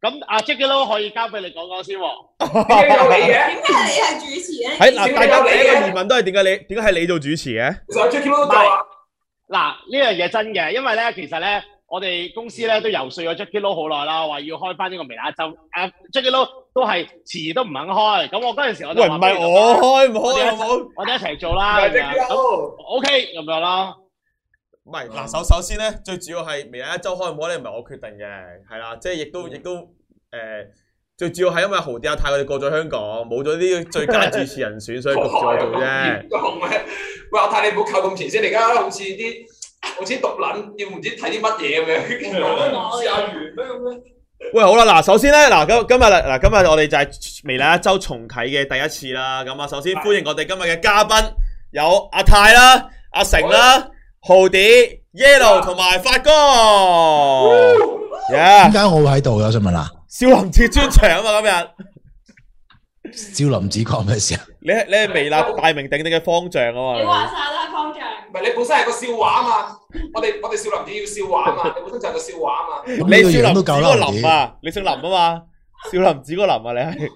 咁阿 Jacky Lou 可以交俾你講講先喎。哦，點解 你係主持咧？喺嗱、哎，大家第一個疑問，問都係點解你點解係你做主持嘅？Jacky Lou 做啦。嗱呢樣嘢真嘅，因為咧其實咧我哋公司咧都遊說咗 Jacky Lou 好耐啦，話要開翻呢個微辣週。誒、啊、Jacky Lou 都係遲都唔肯開。咁我嗰陣時我就話唔係我開唔開好，我哋一齊做啦。說 Jacky Lou OK 咁樣咯。唔係嗱，首首先咧，最主要係微辣一周開播咧，唔係我決定嘅，係啦，即係亦都亦、嗯、都誒，最主要係因為豪 Dee、阿泰佢哋過咗香港，冇咗啲最佳主持人選，所以焗住我做啫。 喂，太阿泰你唔好靠咁前先，而家好似啲好似獨撚，要唔知睇啲乜嘢咁樣。喂，好啦，嗱，首先咧，嗱今今日嗱今日我哋就係微辣一周重啟嘅第一次啦。咁啊，首先歡迎我哋今日嘅嘉賓的有阿泰啦、阿成啦。豪 Dee Yelo 同埋發哥，點、yeah. 解我會喺度我想問啦，少林寺專場啊嘛，今日 少林寺講咩事啊？你係你係微辣大名鼎鼎嘅方丈啊嘛，你話晒啦，方丈，唔係你本身係個笑話啊嘛？我哋我哋少林寺要笑話啊嘛， 你本身就係個笑話啊嘛？ 個你少林都夠啦、啊！個林啊？你姓林啊嘛？少林寺個林啊？你係？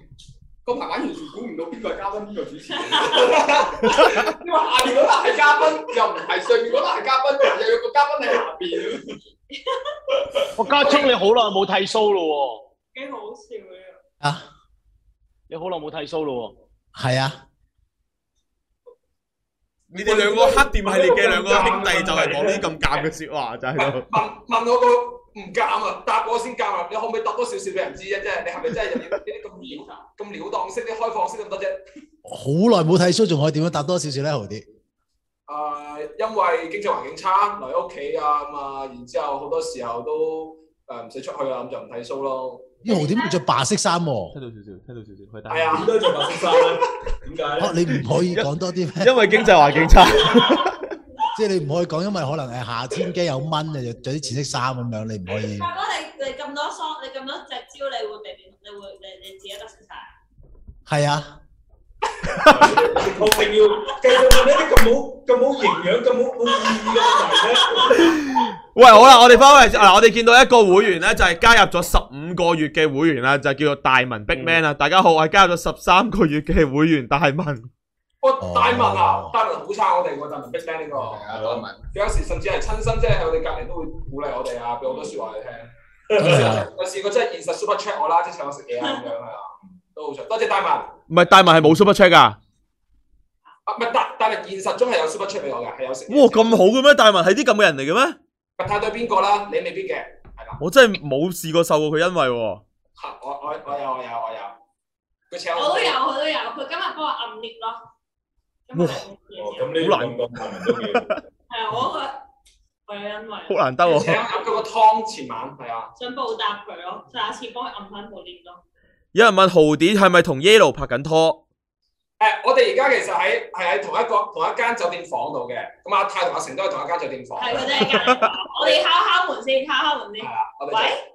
個朋友完全估唔到邊個係嘉賓，邊個主持，因為下邊嗰粒係嘉賓，又唔係上邊嗰粒係嘉賓，又有個嘉賓喺下邊。我加蔥你好耐冇睇 show 咯喎。幾好笑啊！啊！你好耐冇睇 show 咯喎。係啊！你哋兩個黑店系列嘅兩個兄弟就係講啲咁尷嘅說話，就係咁。乜乜乜乜。唔夾啊！搭過先夾啊。你可唔可以搭多少少俾人知啫、啊？即係你係咪真係有啲咁了咁了當式啲開放式咁得啫？好耐冇睇 show，仲可以點樣搭多少少咧？豪啲。誒，因為經濟環境差，留喺屋企啊咁啊，然之後好多時候都誒唔使出去啊，咁就唔睇 show 咯。依豪 Dee 要著白色衫喎、啊，睇到少少，睇到少少， 啊、可以戴。係啊，都係著白色衫，點解你唔可以講多啲因為經濟環境差。 即係你唔可以講，因為可能誒夏天驚有蚊有 3, 你就着啲淺色衫咁樣，你唔可以。大哥，你你咁多梳，你咁多隻蕉，你會你你會你你自己都食晒啊？係啊。好重要，繼續問呢啲咁好咁好營養咁好冇意義嘅嘢。喂，好啦，我哋翻去嗱，我哋見到一個會員咧，就係加入咗十五個月嘅會員啦，就叫做大文 Big Man 啦。大家好，我係加入咗十三個月嘅會員，大文。Oh, 大文啊，oh. 大文好差我哋，我大唔逼聲呢個，佢 Okay, 有時甚至係親身即係喺我哋隔籬都會鼓勵我哋啊，俾好多話說話你聽。我試 過真係現實 super chat 我啦，即請我食嘢啊咁樣啊，都好在，多謝大文。唔係大文係冇 super chat 噶、啊，啊唔係大大文現實中係有 super chat e 俾我嘅，係有食。哇咁、哦、好嘅咩？大文係啲咁嘅人嚟嘅咩？睇對邊個啦，你未必嘅，係啦。我真係冇試過受過佢恩惠。吓我我我有我有我有，佢請我,我,我。我都有佢都有，佢今日幫我暗 lift 咯。咁你好難，係啊！我佢係因為好難得喎。請飲咗個湯，前晚係啊，想報答佢咯，下一次幫佢按翻部鍊咯。有人問豪 Dee 係咪同 Yelo 拍緊拖？誒，我哋而家其實喺係喺同一個同一間酒店房度嘅，咁阿泰同阿成都係同一間酒店房。係嗰我哋敲敲門先，敲敲門先。係啊，喂！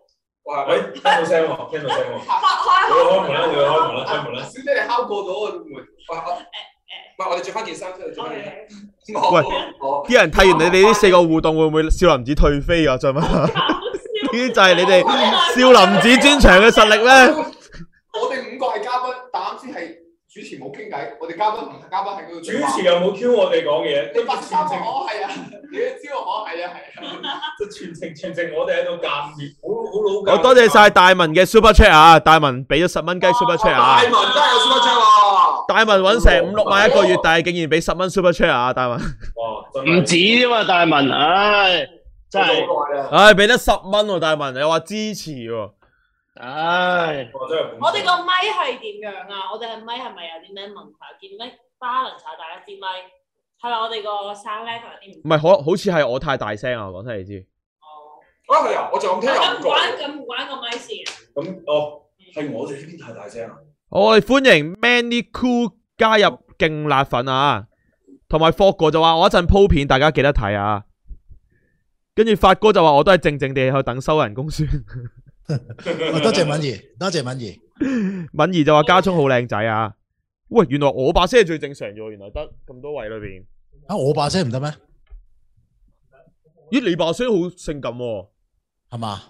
喂喂，聽到聲喎，聽到聲喎。開開門啦，開門啦，開門啦！小姐，你敲過咗啊，門。喂，我哋着翻件衫出去做嘢。喂，啲人睇完你哋呢四個互動，會唔會少林寺退飛啊？做乜？呢啲就係你哋少林寺專長嘅實力咧。我哋五個係嘉賓，但啱先係主持冇傾偈，我哋嘉賓同嘉賓喺嗰度。主持又冇 cue 我哋講嘢，你不收我係啊？你都知我係啊係啊？就全程全程我哋喺度夾面，好好老。我多謝晒大文嘅 super chat 啊！大文俾咗十蚊雞 super chat 啊！大文真係有 super chat 喎。大文揾成五六萬一個月，但係竟然俾十蚊 Super Chat 啊。大文，唔止啫嘛，大文，唉，真係，唉、哎，俾得十蚊喎，大文，你話支持喎、啊，唉、哎，我哋個咪係點樣啊？我哋個咪係咪有啲咩問題？見咩 balance 大家啲咪？係咪我哋個聲咧同埋啲唔？唔係可，好似係我太大聲、哦、啊！講真你知。哦。我係啊，我就咁聽啊。咁關咁關個咪事？咁哦，係我哋呢邊太大聲啊。我哋、哦、歡迎 Many Cool 加入勁辣粉啊，同埋 Fog 就話我一陣鋪片，大家記得睇啊。跟住發哥就話我都係靜靜地去等收人工先 多謝敏儀，多謝 敏儀。敏儀就話加蔥好靚仔啊。喂，原來我把聲係最正常嘅，原來得咁多位裏邊啊，我把聲唔得咩？咦，你把聲好性感喎、啊，係嘛？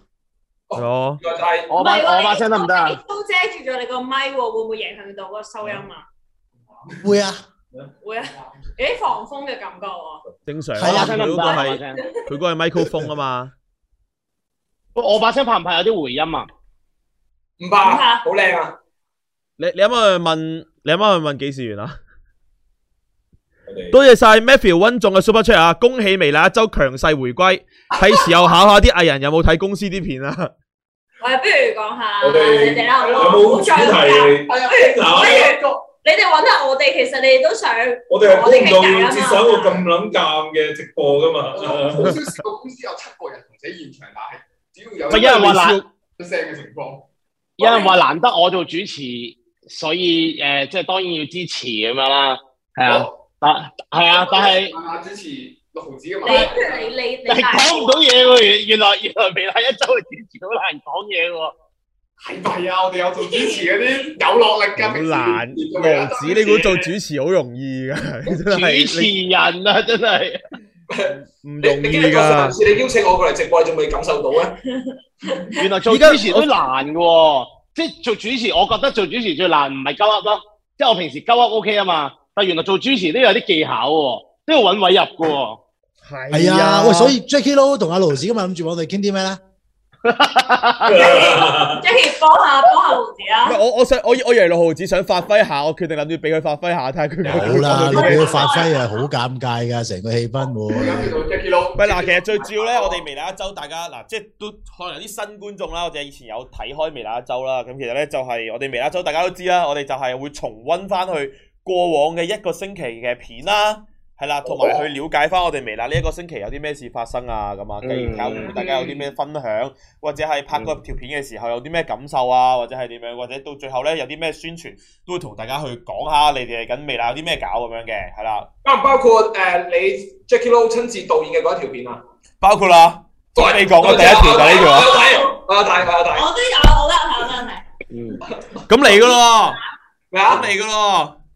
哦，唔係，我把聲得唔得啊？都遮住咗你個咪喎，會唔會影響到嗰個收音啊？會啊，會啊，有啲防風嘅感覺喎。正常，係啊，聲得唔得啊？佢嗰個麥克風啊嘛。我把聲怕唔怕有啲回音啊？唔怕，好靚啊！你你阿媽去問，你阿媽去問幾時完啊？多謝晒 Matthew 温眾嘅 super chat 啊！恭喜微辣一周強勢回歸，係時候考下啲藝人有冇睇公司啲片啊！我、哎、不如講下們你哋啦，有冇主題？不如你哋搵下我哋，其實你哋都想。我哋係觀眾，唔想一個咁撚尷嘅直播㗎嘛。好少時個公司有七個人同喺現場，但係只要有有人話難聲嘅情況，有人話難得我做主持，所以誒、呃，即係當然要支持咁樣啦。係啊，但係係啊，但係。你你你講唔到嘢喎，原來原來原來未喺一周嘅主持好難講嘢喎。係咪啊，我哋有做主持嗰啲有落力噶。好難，王子你估做主持好容易噶？主持人啊， 真係是唔、啊、 容易噶、啊。上次你邀請我過嚟直播，仲未感受到啊？ 原來做主持好難嘅， 即係做主持，我覺得做主持最難唔係鳩噏咯，up, 即係我平時鳩噏 OK 啊嘛。但原來做主持都有啲技巧嘅，都要揾位入嘅。 係是啊，喂，所以 Jacky Lou 同阿盧子今日諗住我哋傾啲咩咧？Jacky 幫下幫下盧子啊！我想我想我我以為盧子想發揮下，我決定諗住俾佢發揮下，睇下佢。好啦，你俾佢發揮啊，好尷尬噶成個氣氛會。咁邊度 Jacky Lou？喂嗱，其實最主要咧，我哋微辣一周，大家嗱，即係都可能啲新觀眾啦，或者以前有睇開微辣一周啦。咁其實咧就係我哋微辣一周，大家都知啦，我哋就係會重温翻去過往嘅一個星期嘅片啦。係啦，同埋去了解翻我哋微辣呢一個星期有啲咩事發生啊，咁啊，跟住大家有啲咩分享，或者係拍嗰條片嘅時候有啲咩感受啊，或者係點樣，或者到最後咧有啲咩宣傳都會同大家去講下你、呃，你哋嚟緊微辣有啲咩搞咁樣嘅，係啦。包唔包括誒，你 Jacky Lou 親自導演嘅嗰一條片啊？包括啦，你講嘅第一條就係呢條啊。我有睇，我有我都有，我都有睇，冇問題。嗯。 咁嚟噶咯，嚟噶咯。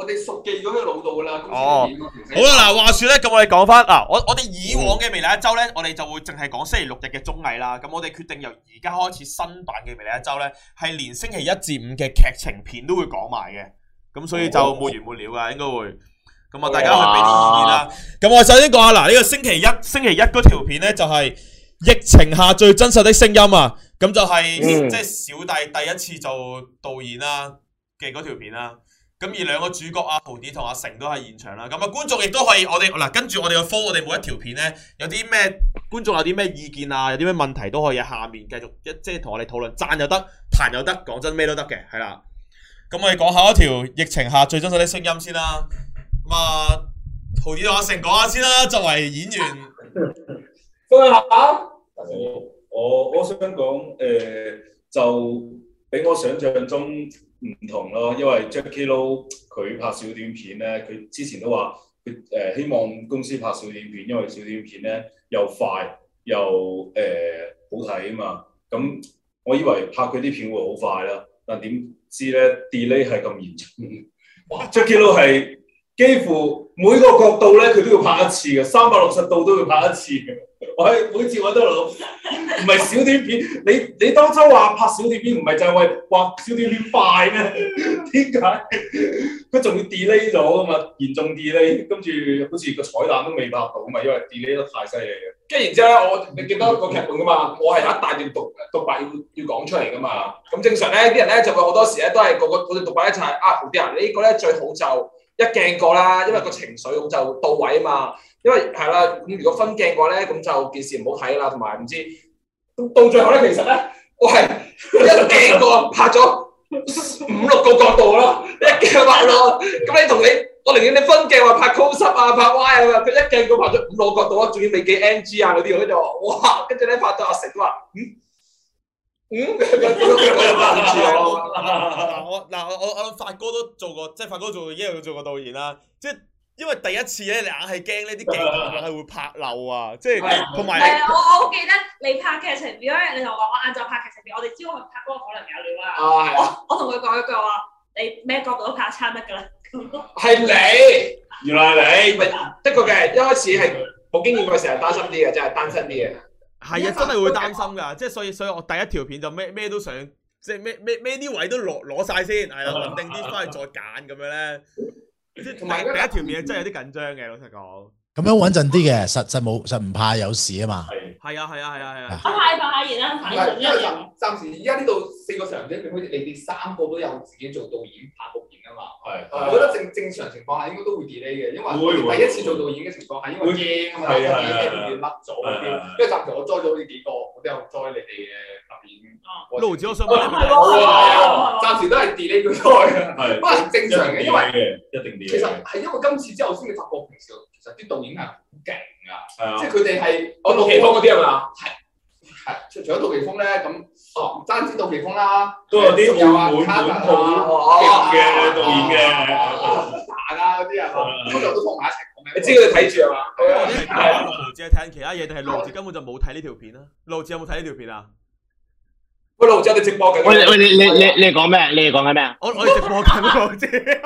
我哋熟記咗佢老道啦。哦，嗯、好啦，嗱，話說咧，咁我哋講翻嗱，我我哋以往嘅《微辣一周》咧，我哋就會淨係講星期六日嘅綜藝啦。咁我哋決定由而家開始新版嘅《微辣一周》咧，係連星期一至五嘅劇情片都會講埋嘅。咁所以就冇完冇了啊，應該會。咁啊，大家去俾啲意見啦。咁哇我首先講下，嗱，呢、這個星期一，星期一嗰條片咧就係、是、疫情下最真實的聲音啊。咁就係、是嗯、即係小弟第一次做導演啦嘅嗰條片啦、啊。咁而兩個主角啊，陶子同阿成都喺現場啦。咁啊，觀眾亦都可以，我哋嗱跟住我哋去 follow，我哋每一條片咧，有啲咩觀眾有啲咩意見啊，有啲咩問題都可以喺下面繼續一即係同我哋討論，讚又得，彈又得，講真咩都得嘅，係啦。咁我哋講下一條疫情下最真實嘅聲音先啦。咁啊，陶子同阿成講下先啦，作為演員，各位嚇，我我我想講誒、呃，就比我想象中。唔同咯，因為 Jacky 佢拍小短片呢，佢之前都話佢、呃、希望公司拍小短片，因為小短片呢又快又誒、呃、好睇啊嘛。咁、嗯、我以為拍佢啲片會好快啦，但點知呢 delay 係咁嚴重。哇！Jacky Lou 係幾乎每個角度呢，佢都要拍一次嘅，三百六十度都要拍一次我每次我都老，唔係小短片。你你當初話拍小短片唔係就係為畫小短片快咩？點 解什麼？佢 仲要 delay 咗噶嘛？嚴重 delay，跟住好似個彩蛋都未拍到嘛，因為 delay 得太犀利嘅。跟然之後咧，我你記得個劇本噶嘛？我係一大段獨獨白要要講出嚟噶嘛。咁正常咧，啲人咧就會好多時咧都係個個佢哋獨白一齊啊，胡啲你呢個咧最好就一鏡過啦，因為個情緒咁就到位啊嘛。因為係啦，咁如果分鏡嘅話咧，咁就件事唔好睇啦，同埋唔知，到最後咧，其實咧，我係一鏡過拍咗五六個角度咯，一鏡拍咯。咁你同你，我寧願你分鏡話拍 close up 啊，拍 y 啊，佢一鏡過拍咗五六個角度，啊，仲要未記 NG 啊嗰啲，喺度哇，跟住咧拍到阿成都話，嗯嗯， 我嗱我我我發哥都做過，即係發哥做，一路做個導演啦，即係。因為第一次咧，你硬係驚呢啲鏡頭，硬係會拍漏啊！即係同埋，係啊，我我好記得你拍劇情片，嗰日，你同我話：我晏晝拍劇情片，我哋只可以拍嗰個可能有料啦。我我同佢講一句話，你咩角度都拍差餐得噶啦，咁係你，原來係你，的確嘅。一開始係冇經驗過，成日擔心啲嘅，真係擔心啲嘅。係啊，真係會擔心噶，即係所以，所以我第一條片就咩咩都想，即係咩咩咩啲位都攞攞晒先，係啦，穩定啲翻去再揀咁樣咧。同埋第一條嘢，真係有啲緊張嘅，老實講。咁樣穩陣啲嘅，實實冇實唔怕有事啊嘛。係係啊係啊係啊係啊。我派就派完啦，暫時而家呢度四個成員，你哋三個都有自己做導演拍部片啊嘛。係、啊，啊、我覺得正正常情況下應該都會 delay 嘅，因為第一次做導演嘅情況下，因為驚啊嘛，導演嘅片甩咗，啊啊、因為暫時我栽咗呢幾個，我都有栽你哋嘅。六毫子我收唔到，暫時都係跌呢個多嘅，不過正常嘅，因為一定跌。其實係因為今次之後先至發覺，其實其實啲導演係好勁㗎，即係佢哋係《我杜琪峯》嗰啲係嘛？係係除咗杜琪峯咧，咁哦，唔單止杜琪峯啦，都有啲滿滿滿滿嘅導演嘅，陳百啊嗰啲係嘛？今都放埋一齊講咩？你知佢哋睇住係嘛？六毫子係睇緊其他嘢定係六毫子根本就冇睇呢條片啊？六毫子有冇睇呢條片啊？喂喂，你你你你講咩？你哋講緊咩啊？我我哋直播緊，你都知。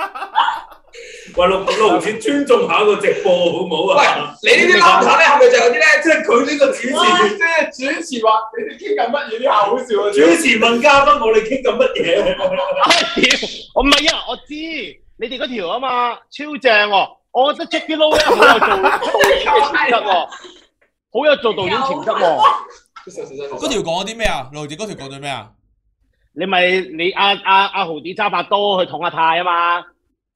喂，六六子尊重下個直播好唔好啊？喂，你呢啲爛客咧，係咪就係嗰啲咧？即係佢呢個主持，即係主持話你哋傾緊乜嘢啲好笑啊？主持問嘉賓，我哋傾緊乜嘢？我唔係啊，我知你哋嗰條啊嘛，超正喎！我覺得 Jacky Lou 咧，好有做導演好有做導演潛質喎。嗰條講啲咩啊？羅子嗰條講咗咩啊？你咪你阿阿阿豪 Dee 揸把刀去捅阿泰啊嘛，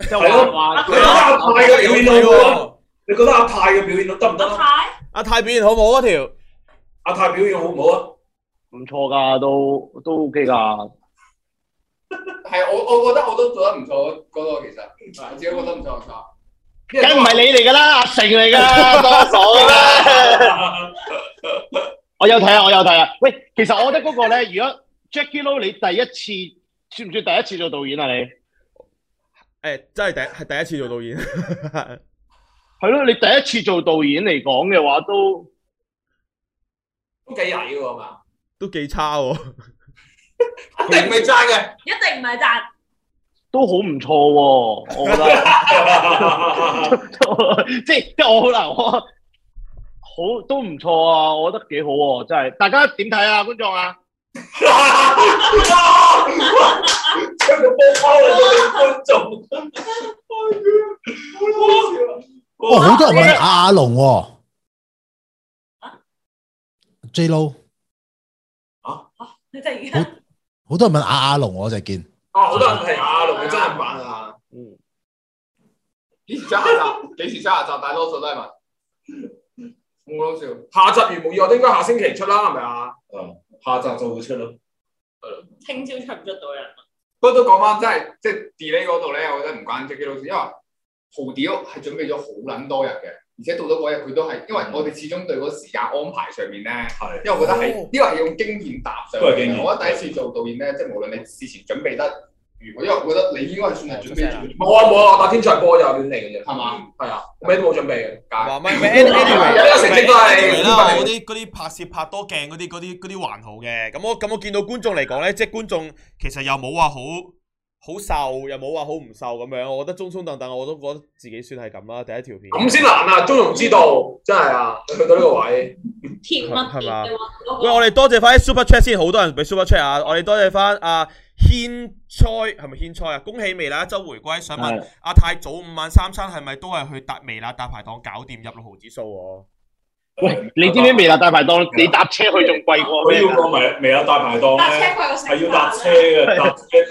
即係話阿泰嘅表現你覺得阿泰嘅表現得得唔得？阿、啊、泰阿、啊、泰表現好唔好嗰條？阿、啊、泰表現好唔好啊？唔錯噶，都都 ok 噶。係 我我覺得我都做得唔錯，哥、嗰個、其實自己覺得唔錯錯。梗唔係你嚟噶啦，阿成嚟噶，多爽啦！啊啊啊啊 我有睇啊，我有睇啊。喂，其實我覺得嗰個咧，如果 Jacky Lou，你第一次算唔算第一次做導演啊你？你誒、欸，真係第係第一次做導演，係 咯？你第一次做導演嚟講嘅話都，都都幾矮噶嘛？都幾差喎，定唔係讚嘅，一定唔係讚，都好唔錯喎。我覺得，即即我好難好都唔錯啊，我覺得幾好喎、啊，真係。大家點睇啊，觀眾啊？哇！好多人都問阿龍哦。J Lo？好多人問阿阿龍，我就見。啊！好多人係 阿,阿龍真人版啊。嗯。幾 時下載？幾時下載？大多數都係問嘛？冇講笑，下集完冇完，我哋應該下星期出啦，係咪啊？嗯，下集就會出咯。係咯，聽朝出唔出到人啊？不過都講翻，即係即係 delay 嗰度咧，我覺得唔關 Jacky 老師，因為豪 Dee 係準備咗好撚多日嘅，而且到咗嗰日佢都係，因為我哋始終對嗰個時間安排上面咧，係、嗯，因為我覺得係呢個係用經驗搭上去，去嘅。我覺得第一次做導演咧，嗯、即係無論你事前準備得。如果因為我覺得你應該係算係準備，冇啊冇啊！我打天才波又亂嚟嘅啫，係嘛？係啊，咩吧都冇準備嘅，梗係。咩咩？呢個 成績都係啦。嗰啲嗰啲拍攝拍多鏡嗰啲嗰啲啲還好嘅。咁我咁我見到觀眾嚟講咧，即係觀眾其實又冇話好好瘦，又冇話好唔瘦咁樣。我覺得中中等等，我都覺得自己算係咁啦。第一條片咁先難啊！中庸之道，真係啊，去到呢個位，係嘛？ 喂，我哋多謝翻 Super Chat 先，好多人俾 Super Chat 啊！我哋多謝翻啊～欠菜係咪欠菜啊？恭喜微辣一周回歸，想問阿泰早午晚三餐係咪都係去搭微辣大排檔，搞掂入六毫子數？喂，你知唔知微辣大排檔？你搭車去仲貴過？佢要個微辣大排檔咧，係要搭車嘅，搭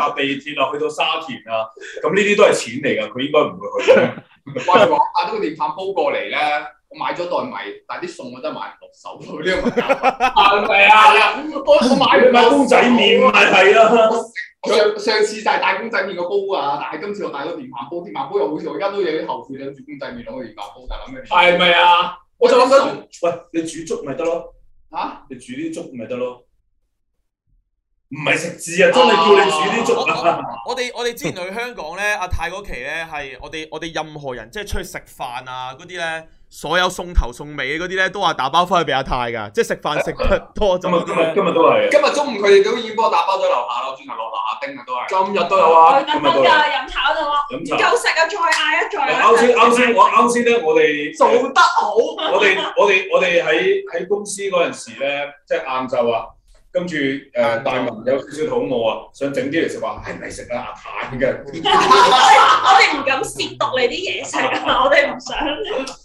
搭地鐵啊，去到沙田啊！咁呢啲都係錢嚟噶佢應該唔會去。我帶咗個電飯煲過嚟咧，我買咗袋米，但啲餸我都係買唔到手。呢係啊，我我買你買公仔麵咪係咯。上上次就係大公仔麵個煲啊，但係今次我帶咗電飯煲添，電飯煲又好似我而家都有啲後悔啦，煮公仔麵攞個電飯煲，是是啊、就係諗嘅。係咪啊？我就諗緊，喂，你煮粥咪得咯，吓，你煮啲粥咪得咯，唔係食字啊，真係叫你煮啲粥。我哋我哋之前去香港咧，阿泰嗰期咧係我哋我哋任何人即係出去食飯啊嗰啲咧。所有送頭送尾嗰啲咧，都話打包翻去俾阿泰噶，即係食飯食得多咗。今日今日今日都係。今日中午佢哋都已經幫我打包咗喺樓下啦，轉頭落樓下叮啊都係。今日都有啊，今日都有飲茶度啊，夠食啊再嗌一再啱先啱先，我啱先咧，我哋做得好。我哋我哋我哋喺喺公司嗰陣時咧，即係晏晝啊。跟住誒，大文有少少肚餓啊，想整啲嚟食話，係咪食啊？阿泰㗎，我哋唔敢褻瀆你啲嘢食啊，我哋唔想。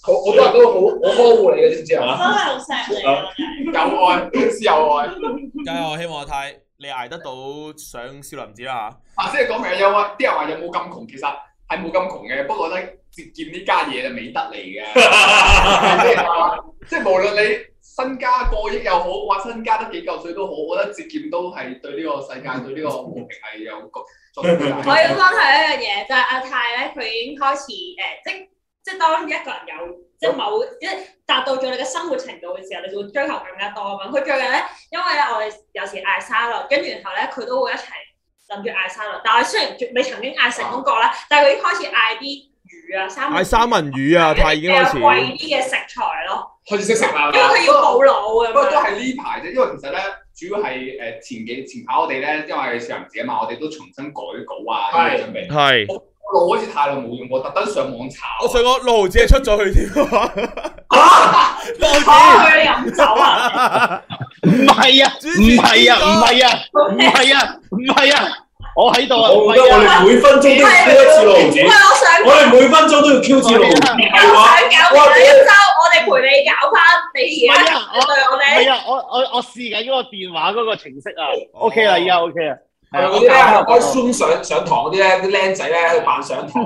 好，好多人都好好呵護你嘅，知唔知啊？真係好錫你，有愛先有愛。咁我希望阿泰，你捱得到上少林寺啦嚇。啊，先講明有愛。啲人話有冇咁窮，其實係冇咁窮嘅。不過咧，節儉呢家嘢就美德嚟嘅。即係無論你。身家過億又好，或身家得幾嚿水都好，我覺得節儉都係對呢個世界、 對呢個和平係有個作用嘅。我要分享一樣嘢，就係阿泰咧，佢已經開始誒，即即當一個人有即某一達到咗你嘅生活程度嘅時候，你就會追求更加多啦。佢最近咧，因為咧，我哋有時嗌沙律，跟住然後咧，佢都會一齊諗住嗌沙律。但係雖然你曾經嗌成功過咧，但係佢已經開始嗌啲魚啊，三嗌三文魚啊，泰已經開始貴啲嘅、嗯、食材咯。開始識食啦，不過都係呢排啫，因為其實咧主要係誒前幾前排我哋咧，因為六毫子啊嘛，我哋都重新改稿啊，準備係我腦好似太耐冇用過，特登上網查。我上個六毫子出咗去添啊！六毫子唔係啊，唔係啊，唔係啊，唔係啊，唔係啊。我喺度啊！我我哋每分鐘都要 Q 一次路，我我哋每分鐘都要 Q 字路。你又想搞？下周我哋陪你搞翻你嘢。唔係啊！我我我試緊個電話嗰個程式啊。OK 啦，依家 OK 啊。係啊，嗰啲咧開 s 上上堂啲咧，啲僆仔咧喺度扮上堂。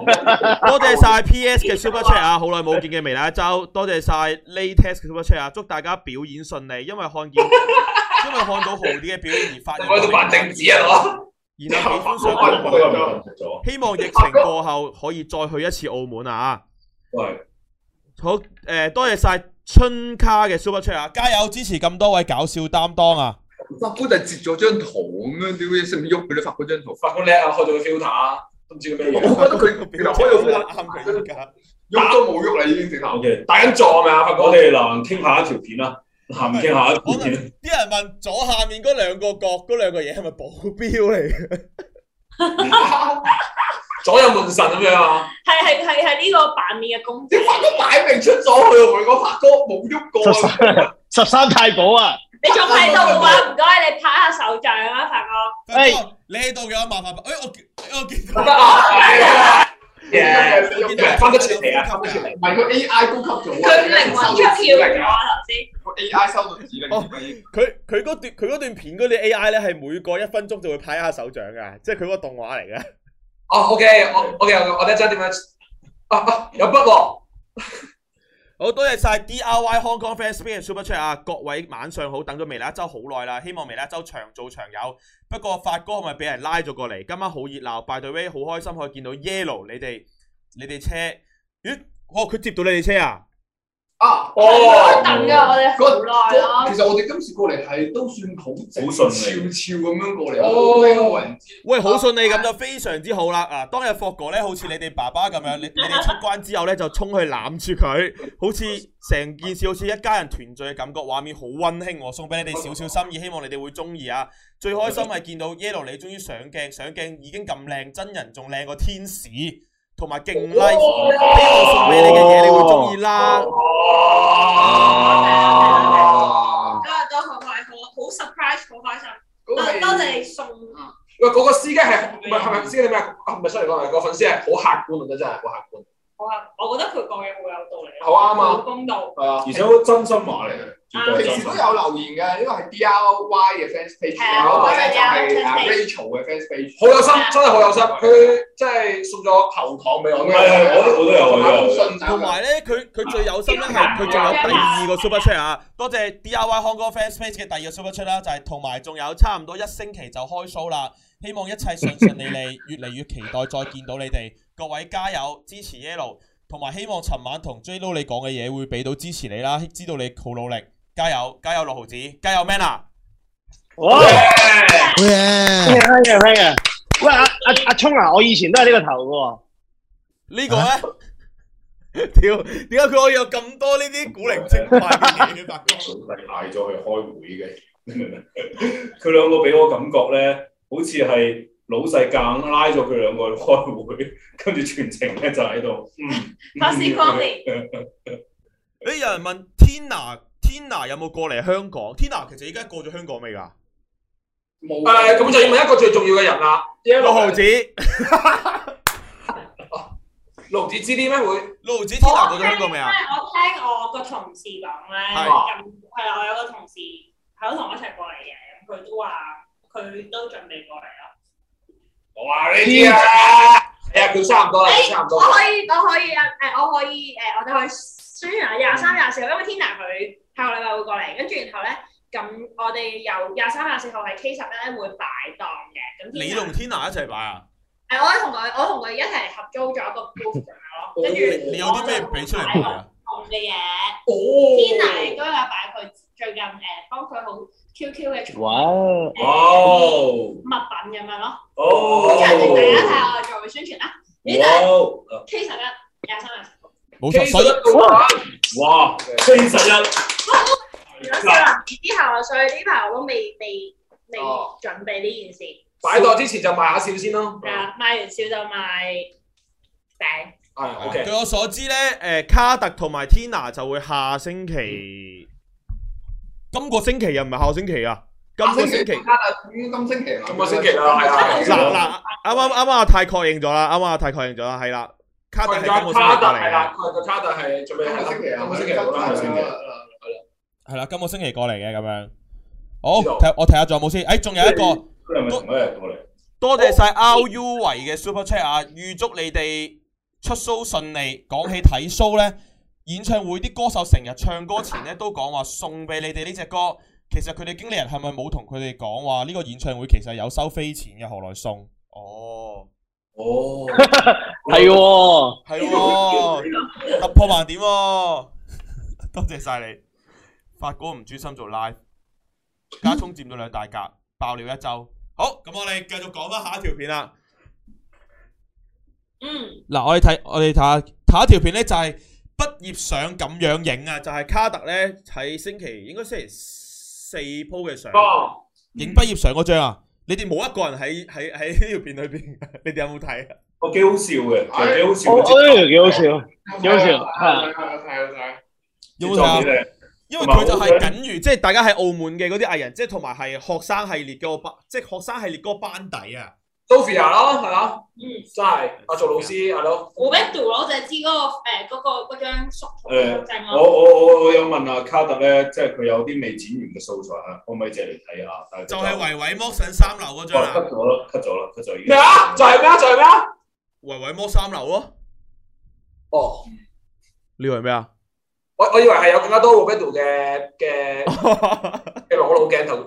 多謝晒 PS 嘅 super chat 啊！好耐冇見嘅微辣一周，多謝晒 latest 嘅 super chat 啊！祝大家表演順利，因為看見因為看到好啲嘅表演而發。應該都扮釘子啊！然後幾歡上希望疫情過後可以再去一次澳門啊！喂，好誒、呃，多謝晒春卡嘅 super chat 啊！加油支持咁多位搞笑擔當啊！發哥就截咗張圖啊，點解識唔喐佢咧？發哥張圖，發哥叻啊，開咗個 filter 都唔知佢咩嘢。我覺得佢 其佢喐 都冇喐啦，打已經成頭。Okay. 打緊撞咪啊？發哥， 我哋嚟啦，傾下一條片啊！行驚吓啲人問，左下面嗰兩個角嗰兩個嘢係咪保鏢嚟嘅？左右門神咁樣啊？係係係係呢個版面嘅功夫。你發哥擺明出咗去，我發哥冇喐過。十三太保啊！你仲喺度啊？唔該，你拍下手掌啊！發哥。你喺度嘅？我萬萬萬。我我見到。yeah，翻咗千零啊，翻咗千零，唔係個 AI 都吸咗啊，佢靈魂出竅嚟啊，頭先個 AI 收到指令，哦，佢佢嗰段佢嗰段片嗰啲 AI 咧，係每個一分鐘就會拍一下手掌噶，即係佢嗰個動畫嚟噶，哦 okay， ，OK，我 OK，我我真真點樣啊啊，有、啊、不和。 好多謝晒 DIY Hong Kong fans，畀嘅 super chat 啊！各位晚上好，等咗微辣一周好耐啦，希望微辣一周長做長有。不過發哥係咪俾人拉咗過嚟？今晚好熱鬧，By the way，好開心可以見到 Yelo，你哋你哋車，咦，哦，佢接到你哋車啊？啊！哦，等、嗯、我哋，其實我哋今次過嚟係都算好靜，悄悄咁樣過嚟，啊，好、哦、嗯、喂，好順利咁就非常之好啦！啊，啊當日霍哥呢，好似你哋爸爸咁樣，你你哋出關之後呢，就衝去攬住佢，好似成件事，好似一家人團聚嘅感覺，畫面好溫馨。我送俾你哋少少心意，希望你哋會中意啊！最開心係見到 Yelo 你終於上鏡，上鏡已經咁靚，真人仲靚過天使。同埋勁 like，呢個、哦哦、送俾你嘅嘢，你會中意啦。哦啊啊啊啊啊、今日都好好好 surprise，好開心。多，多謝，謝你送。喂、啊，嗰個司機係係咪司機？咩啊？唔係 sorry，個粉絲啊。好客觀啊，真係好客觀。好啊，我覺得佢講嘢好有道理。好啱啊。好公道。係啊，而且都真心話嚟嘅。平時都有留言嘅，呢個係 DIY 嘅 fans page，係啊，係啊 Rachel 嘅 fans page，好有心，真係好有心。佢真係送咗球糖俾我。係係，我我都有啊。同埋咧，佢佢最有心咧係，佢仲有第二個 super chat 啊！多謝 DIY 韓國 fans page 嘅第二個 super chat 啦，就係同埋仲有差唔多一星期就開 show 啦。希望一切順順利利，越嚟越期待再見到你哋各位加油支持 Yelo 同埋希望尋晚同 Juno 你講嘅嘢會俾到支持你啦，知道你好努力。加油，加油六毫子，加油 Man 啊！哇、啊！喂、啊！喂！好嘢，喂阿阿阿聰啊，我以前都係呢個頭嘅喎，個呢個咧，屌點解佢可以有咁多呢啲古靈精怪嘅嘢？老細嗌咗去開會嘅，佢兩個俾我感覺咧，好似係老細夾硬拉咗佢兩個去開會，跟住全程咧就喺度。我是 c o 誒，有、嗯 欸、人問 Tina。Tina 有冇過嚟香港？Tina 其實而家過咗香港未噶？冇。誒、哎，咁就要問一個最重要嘅人啦，六毫子。六哪 子知啲咩會？六毫子 Tina 過咗香港未啊？因為我聽我個同事講咧，係係啊，我有個同事係咯，同我一齊過嚟嘅，咁佢都話佢都準備過嚟咯。我話呢啲 a 啊，係佢差唔多啦，差唔多。我可以，我可以啊，誒，我可以誒，我就可以算廿三廿四，pem, im, 因為 Tina 佢。下個禮拜會過嚟，跟住然後咧，咁我哋由廿三廿四號喺 K 十一會擺檔嘅。咁你同 Tina 一齊擺啊？誒，我咧同佢，我同佢一齊合租咗一個鋪頭咯。跟住，你有啲咩俾出嚟擺？同嘅嘢。哦。Tina 應該有擺佢最近誒幫佢好 QQ 嘅哇哦物品咁樣咯。哦。跟住大家睇下我哋做嘅宣傳啦。好。K 十一廿三廿四。冇錯，十一到啊！哇，七十日。有小男子之後，所以呢排我都未未未準備呢件事。啊、擺檔之前就賣下笑先咯。係啊，賣、啊、完笑就賣餅。係、啊、OK。據我所知咧，誒卡特同埋 Tina 就會下星期，今個星期又唔係下個星期啊，今個星期。卡特今今星期。今個星期啦。嗱嗱、啊，啱啱啱啱太確認咗啦，啱啱太確認咗啦，係啦。佢個卡特係啦，佢個卡特係做咩？星期啊，今個星期過嚟啊，係啦，係啦，今個星期過嚟嘅咁樣。好，道我睇下仲有冇先。誒、哎，仲有一個，多謝晒阿 U 維嘅 Super Chat 啊！預祝你哋出 show 順利。講起睇 show 咧， 演唱會啲歌手成日唱歌前咧都講話送俾你哋呢隻歌。其實佢哋經理人係咪冇同佢哋講話？呢個演唱會其實有收飛錢嘅，何來送？哦。哦，係喎，係喎，突破萬點喎，多謝晒你。發哥唔專心做 live，加蔥占咗兩大格，爆料一周。好，咁我哋繼續講翻下一條片啦。嗯，嗱，我哋睇，我哋睇下，下一條片咧就係畢業相咁樣影啊，就係卡特咧喺星期應該星期四鋪嘅相，影畢業相嗰張啊。你哋冇一個人喺喺喺呢條片裏邊，你哋有冇睇？我幾好笑嘅，幾、啊、好笑，幾 好笑，幾好笑，係係係，睇、啊？啊啊啊啊啊啊、有冇睇？因為佢就係緊如，即係、啊啊、大家喺澳門嘅嗰啲藝人，即係同埋係學生系列嘅班，即係學生系列嗰個班底啊。都 fair 咯，係咪？嗯，真係。阿做老師阿叔，我 window 咯、啊啊哦，就係知嗰個誒嗰個嗰張素材正啊。我我我我有問阿卡特咧，即係佢有啲未剪完嘅素材啊，可唔可以借嚟睇下。就係維維剝上三樓嗰張啦。cut 咗啦，cut 咗啦，cut 咗已經。咩啊？就係咩？就係咩？維維剝三樓咯。哦。呢位咩啊？我我以為係有更加多 window 嘅嘅。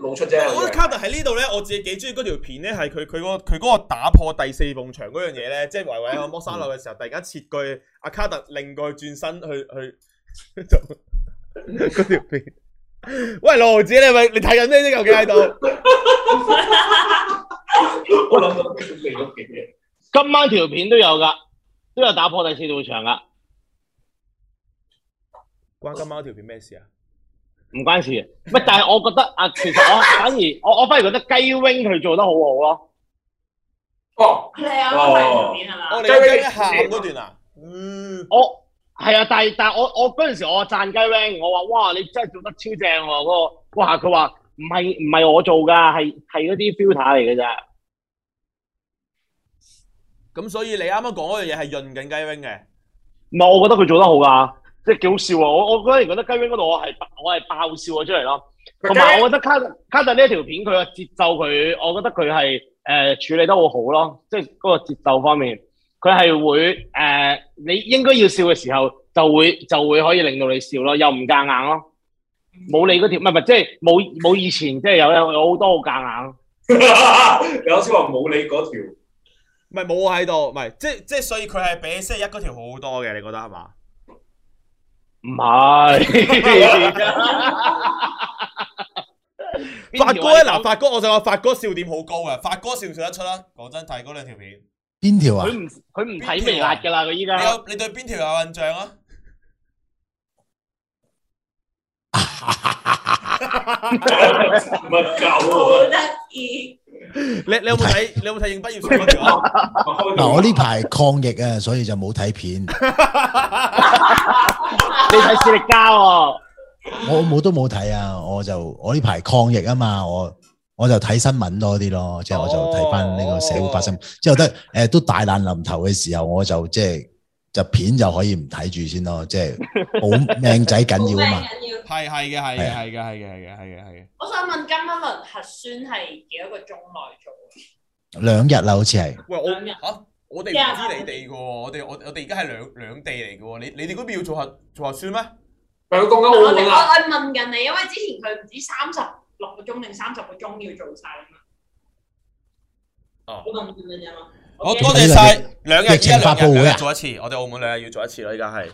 我覺得卡特喺呢度咧，我自己幾中意嗰條片咧，係佢佢嗰佢個打破第四道牆嗰樣嘢咧，即係維維我剝沙漏嘅時候，突然間切句阿卡特另外去轉身去去，就嗰條片。 喂毫子，你係咪你睇緊咩啫？究竟喺度？我諗到未錄嘅今晚條片都有噶，都有打破第四道牆噶。關今晚條片咩事啊？唔關事，唔係，但係我覺得啊，其實我反而我我反而覺得雞 wing 佢做得好好咯。哦，係啊，我哋唔啦，雞 wing 下好多段啊。嗯，我係啊，但係但係我我嗰陣時我讚雞 wing，我話哇，你真係做得超正喎嗰個。哇，佢話唔係唔係我做噶，係係嗰啲 filter 嚟嘅咋。咁所以你啱啱講嗰樣嘢係潤緊雞 wing 嘅，唔係，我覺得佢做得好噶。即係幾好笑喎！我我嗰陣時覺得雞 wing 嗰度，我係我係爆笑咗出嚟咯。同埋 Okay. 我覺得卡特卡特呢一條片，佢嘅節奏佢，我覺得佢係誒處理得好好咯。即係嗰個節奏方面，佢係會誒、呃，你應該要笑嘅時候就會就會，就會可以令到你笑咯，又唔夾硬咯。冇你嗰條，唔係唔係，即係冇冇以前即係有有有好多好夾硬。有先話冇你嗰條，唔係冇喺度，唔係即即係所以佢係比星期一嗰條好好多嘅，你覺得係嘛？唔係，發、 啊、哥咧嗱，發說哥，我就話發哥笑點好高啊！發哥笑唔笑得出啦，講真睇嗰兩條片，邊條啊？佢唔佢唔睇微辣噶啦，佢依家你你對邊條有印象 啊？乜狗啊！好得意。你你有冇睇？你有冇睇《永不言棄、那個》？嗱，我呢排抗疫啊，所以就冇睇片。 你睇《史力加》喎？我冇都冇睇啊！我就我呢排抗疫啊嘛，我我就睇新聞多啲咯。即係我就睇翻呢個社會發生。即係覺得誒、呃、都大難臨頭嘅時候，我就即係就，就片就可以唔睇住先咯。即係保命仔緊要啊嘛。係係嘅，係嘅，係嘅，係嘅，係嘅，係嘅。我想問今，今晚輪核酸係幾多個鐘內做？兩日啦好似係。喂我五日。我哋唔知你哋嘅，我哋我我哋而家係兩兩地嚟嘅，你你哋嗰邊要做核做核酸咩？佢講緊我哋，我我問緊你，因為之前佢唔知三十六個鐘定三十個鐘要做晒啊嘛。哦，我咁樣啫嘛。好多謝晒，兩,兩日前兩日做一次，我哋澳門兩日要做一次啦，依家係。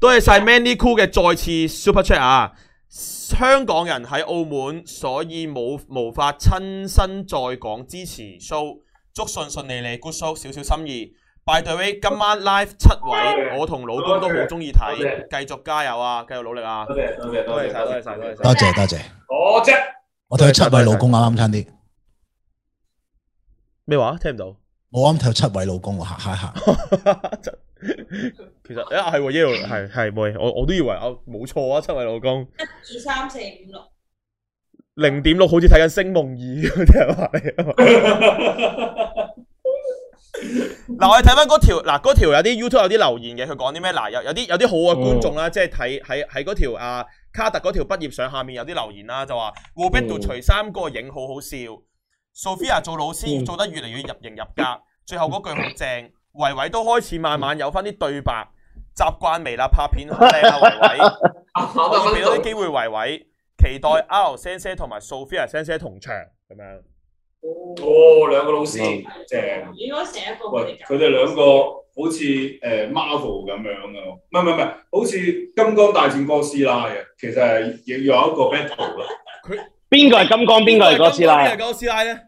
多謝晒 Mandy Cool 嘅再次 Super Chat 啊！香港人喺澳門，所以冇無，無法親身在港支持 Show。祝順順利利，good show，少少心意。By the way，今晚 live 七位，我同老公都好鍾意睇，繼續加油啊，繼續努力啊！多謝多謝多謝曬多謝曬多謝曬！多謝多謝。我只我睇七位老公啱啱差啲咩話？聽唔到，我啱睇七位老公啊！嚇嚇嚇！其實啊，係喎，Yelo 係係，我我都以為啊，冇錯啊，七位老公一二三四五六。零點六好似睇緊《6, 星夢二》咁樣話你嗱，我哋睇翻嗰條，嗱嗰條有啲 YouTube 有啲留言嘅，佢講啲咩？嗱有有啲有啲好嘅觀眾啦，即係睇喺喺嗰條啊卡特嗰條畢業相下面有啲留言啦，就話胡冰條除三個影好好笑，Sophia 做老師做得越嚟越入型入格，最後嗰句好正，維維都開始慢慢有翻啲對白習慣未啦拍片好叻啊維維，俾多啲機會維維。期待 R 先生同埋 Sophia 先生同場咁樣，哦，兩個老師正，應該成一部佢哋兩個好似誒、呃、Marvel 咁樣嘅，唔係唔係唔係，好似金剛大戰哥斯拉嘅，其實係亦有一個 battle 咯。佢邊個係金剛？邊個係哥斯拉？邊個係哥斯拉啊？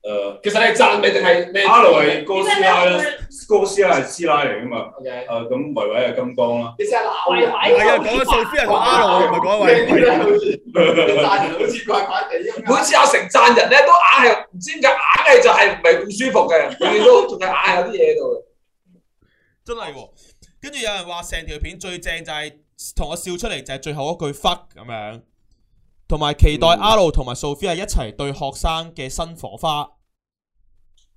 誒，其實你贊你定係咩？阿羅係哥斯拉啦，哥斯拉係師奶嚟噶嘛？OK，誒咁維維係金剛啦。你成日鬧維維，講咗數先係講阿羅，唔係講維維。讚人好似怪怪哋，每次阿成讚人咧都硬係，唔知點解硬係就係唔係咁舒服嘅，佢哋都仲係硬有啲嘢喺度。真係，跟住有人話成條片最正就係同我笑出嚟，就係最後一句 fuck 咁樣。同埋期待阿露同埋 Sophia 一齊對學生嘅新火花。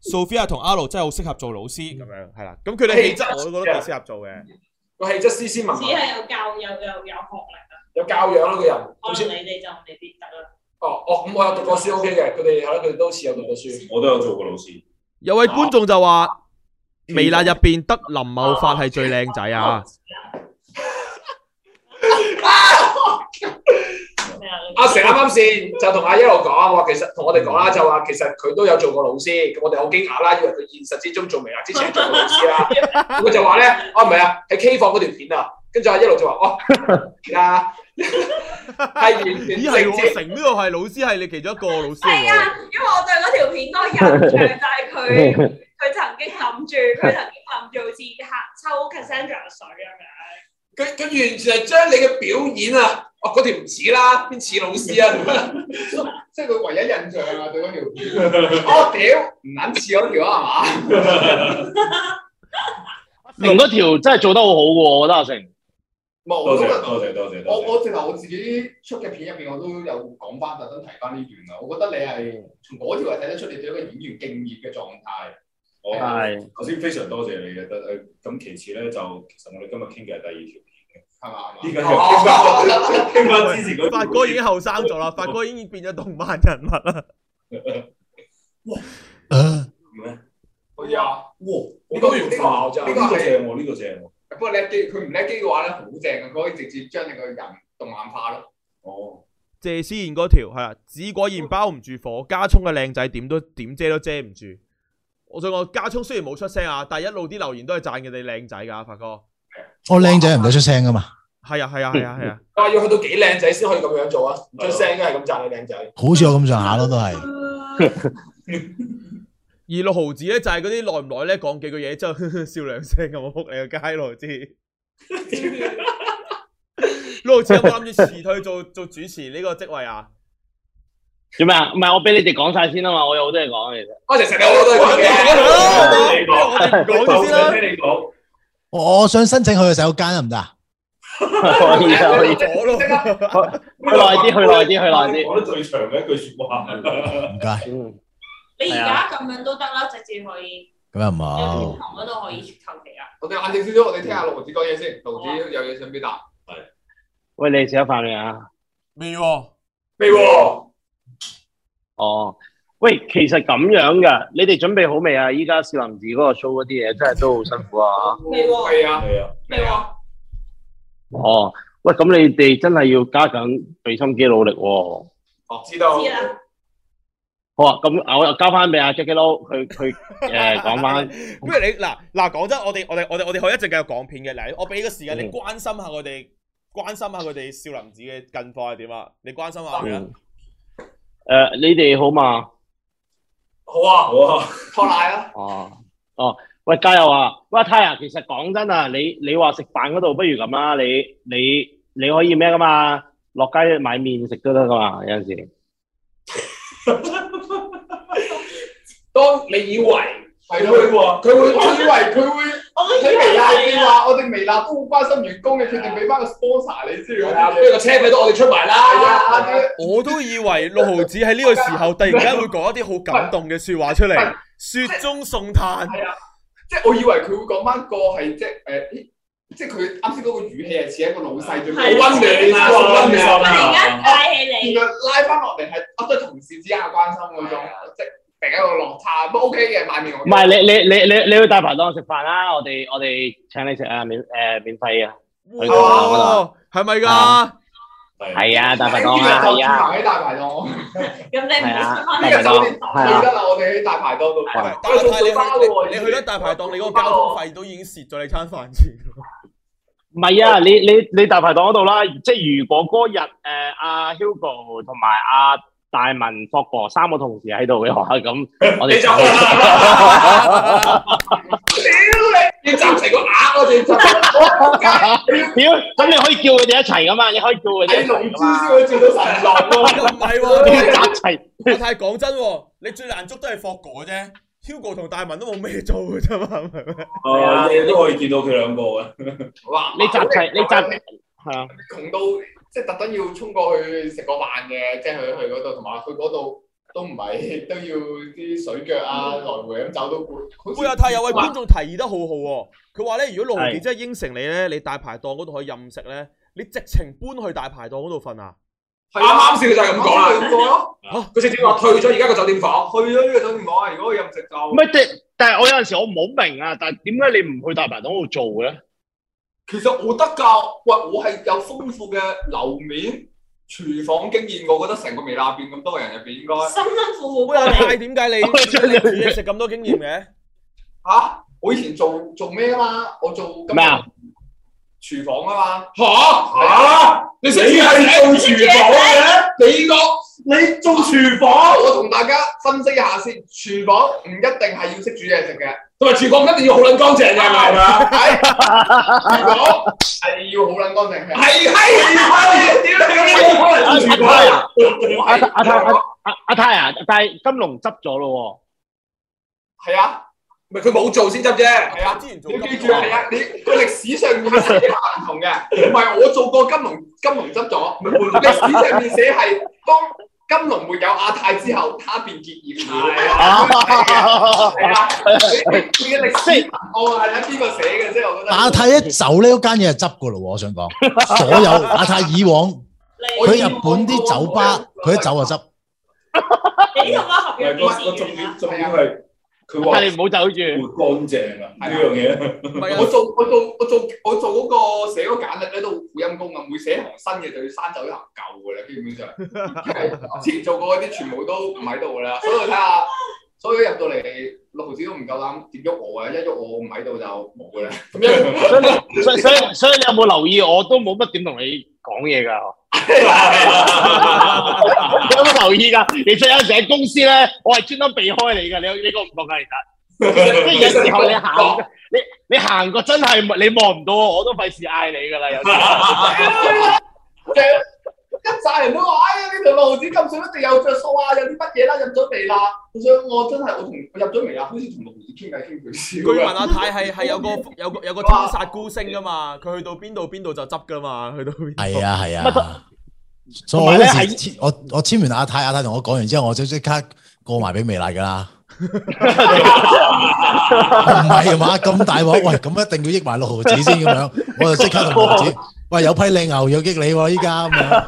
Sophia 同阿露真係好適合做老師咁樣，係啦。咁佢哋氣質我都覺得幾適合做嘅。個氣質斯斯文文，只係有教有有有學歷啊，有教養咯，個人。可能你哋就未必得啦。哦哦，咁我有讀過書 OK 嘅，佢哋係啦，佢哋都似有讀過書。我都有做過老師。有位觀眾就話：微辣入邊得林某發係最靚仔啊！阿、啊、成啱啱先就同阿一路講，我話其實同我哋講啦，就話其實佢都有做過老師，我哋好驚訝啦，以為佢現實之中仲未，校之前做過老師 啊。佢就話咧，啊唔係啊，喺 K 房嗰條片啊，跟住阿一路就話哦，啊，係、啊、 成呢、啊這個係老師，係你其中一個老師。係啊，因為我對嗰條片個 印象，但係佢佢曾經諗住，佢曾經諗住好似抽 Cassandra 水咁樣。佢佢完全係將你嘅表演啊，哦、啊、嗰條唔似啦，邊似老師啊？ 即係佢唯一印象啊，對嗰條、啊、條，我屌唔撚似嗰條啊嘛？用一條真係做得好好喎，我覺得阿成。冇謝。多謝多謝多謝。我我直頭我自己出嘅片入面，我都有講翻特登提翻呢段啊。我覺得你係從嗰條係睇得出你對一個演員敬業嘅狀態。係是。頭先非常多謝你嘅，得咁。其次咧就其實我哋今日傾嘅係第二條。係嘛？依緊，傾緊發哥已經後生咗啦，發哥已經變咗動漫人物啦。哇！咩？係啊！哇！呢個要，呢個正，呢個正，不過你叻機，佢唔叻機嘅話咧，好正啊！佢可以直接將你個人動漫化咯。哦。謝思賢嗰條係啊，紙果然包唔住火，加蔥嘅靚仔點都點遮都遮唔住。我想講，加蔥雖然冇出聲啊，但係一路啲留言都係讚佢哋靚仔噶，發哥。我靚仔唔使出聲噶嘛，係、嗯、啊係啊係啊係啊，我話要去到幾靚仔先可以咁樣做啊？唔出聲都係咁讚你靚仔，好似我咁上下咯都係。而六毫子咧就係嗰啲耐唔耐咧講幾句嘢之後笑兩聲咁，我扑你個街咯知？六毫子有冇諗住辭退做做主持呢個職位啊？點啊？唔係我俾你哋講晒先啊嘛，我有好多嘢講，其實。我哋成日好多嘢講，我哋唔講，我哋唔講，講。我想申請去洗手間得唔得啊？可以可以。即 刻，刻 去耐啲，去耐啲，去耐啲。講 得最長嘅一句說話。唔該、嗯。 你而家咁樣都得啦，直接可以。咁又唔係。有都可以求其啊。我哋安靜少少，我哋聽下六毫子講嘢先。毫子有嘢想表達：「係。喂，你食咗飯未啊？未喎，未喎 有。 哦。喂，其實咁樣噶你哋準備好未啊？依家笑林寺嗰個 show 嗰啲嘢，真係都好辛苦啊！咩話？係啊，咩話？哦，喂，咁你哋真係要加緊俾心機努力喎。我知道。好啊，咁我又交翻俾阿 Jacky Lou，佢佢誒講翻。不如你嗱嗱講真，我哋我哋我哋我哋可以一直繼續講片嘅。嗱，我俾個時間你關心下佢哋，關心下佢哋笑林寺嘅近況係點啊？你關心下唔該。誒，你哋好嘛？好啊，好啊，託賴啊。哦、啊，哦、啊，喂，加油啊！喂、啊，泰啊，其實講真啊，你你話食飯嗰度不如咁啦，你你你可以咩㗎嘛？落街買麵食都得㗎嘛，有陣時。 當你以為。係咯，佢會，佢以為佢會。我哋微辣，我哋微辣都好關心員工嘅，決定俾翻個 sponsor 你知。係啊，俾個車俾到我哋出埋啦。我都以為六毫子喺呢個時候突然間會講一啲好感動嘅説話出嚟，雪中送炭。係啊，即係我以為佢會講翻個係即係誒，即係佢啱先嗰個語氣係似一個老細好温暖，你最溫暖。啊！突然間大氣嚟，拉翻落嚟，係啊，對同事之下關心嗰種，即第一度落茶都 OK 嘅，買面我唔係你你你你你去大排檔食飯啦。我哋我哋請你食啊，免誒免費啊！哇，係咪㗎？係啊，大排檔啊！今日喺大排檔，咁你唔今日酒店得啦！我哋喺大排檔度，你去咗大排檔，你嗰個交通費都已經蝕咗你餐飯錢。唔係啊，你你你大排檔嗰度啦，即係如果嗰日誒阿 Hugo 同埋阿。大文、霍哥三個同事喺度嘅話，咁我哋屌你！要集齊個額，我哋屌！咁你可以叫佢哋一齊噶嘛？你可以叫佢哋。你用招招佢做到神台喎，唔係喎。你集齊？但係講真喎，你最難捉都係霍哥啫，Hugo 同大文都冇咩做嘅啫嘛。哦，你都可以見到佢兩個啊！哇！你集齊，你集係啊？窮到～即係特登要衝過去食個飯嘅，即係去去嗰度，同埋去嗰度都唔係都要啲水腳啊，來回咁走都攰。觀啊，太有位觀眾提議得好好、啊、喎。佢話咧，如果龍記真係應承你咧，你大排檔嗰度可以任食咧，你直情搬去大排檔嗰度瞓啊！啱啱笑就係咁講啦。佢直接話退咗而家個酒店房，去咗呢個酒店房。 如果任食就。唔係，但但係我有陣時我唔好明啊！但係點解你唔去大排檔嗰度做咧？其實我得噶，喂，我係有豐富嘅樓面廚房經驗，我覺得成個微辣變咁多人入邊應該辛辛苦苦。係點解你煮嘢食咁多經驗嘅？吓、啊，我以前做做咩啊嘛？我做咩啊？廚房啊嘛。吓吓，你你係做廚房嘅？你個你做廚房，我同大家分析一下先。廚房唔一定係要識煮嘢食嘅。同埋廚房一定要好撚乾淨嘅係咪啊？係，廚房係要好撚乾淨嘅。係係係，點解你講嚟做廚房啊？阿阿太啊，阿阿太 啊，但係金龍執咗咯喎。係 啊， 咪佢冇做先執啫。係啊，之前做。你記住啊，你個歷史上面嘅寫法唔同嘅，唔係我做過金龍，金龍執咗，唔係歷史上面寫係當。金龍沒有阿泰之後，他便結業。係、哎哎、啊，呢個歷史我邊個寫嘅啫？我覺得阿泰一走呢，嗰間嘢就執噶咯喎。我想講，所有阿泰以往佢 日本啲酒吧，佢 一走就執。幾多巴合約事源啊？ 佢話：你唔好走住，活乾淨啊！呢樣嘢，我做我做我做我做嗰個寫嗰簡歷咧都好陰功啊！每寫行新嘅就要刪走一行舊嘅啦，基本上前做過嗰啲全部都唔喺度嘅啦。所以睇下，所以入到嚟六毫子都唔夠膽點喐我啊！一喐我唔喺度就冇嘅啦。所以所以所以所以所以所以你有冇留意？我都冇乜點同你講嘢㗎。 你有冇留意噶？其實有時喺公司咧，我係專登避開你噶。你你講唔講噶？其實 即係有時候你行， 你你行過真係你望唔到我，我都費事嗌你噶啦。有時。 一曬人都話：哎呀，呢條六毫子咁少，一定有着數啊！有啲乜嘢啦？入咗未啦？我、嗯、想我真係，我同入咗未啊？好似同六毫子傾偈傾咁少。佢問阿泰係係有個有個有個天煞孤星噶嘛？佢去到邊度邊度就執噶嘛？去到邊度？係啊係啊。所以咧，係、啊、我我，我簽完阿泰，阿泰同我講完之後，我就即刻過埋俾微辣噶啦。唔係嘛？咁大鑊，喂，咁一定要益埋六毫子先咁樣，我就即刻六毫子。喂，有批靚牛要激你依家咁樣，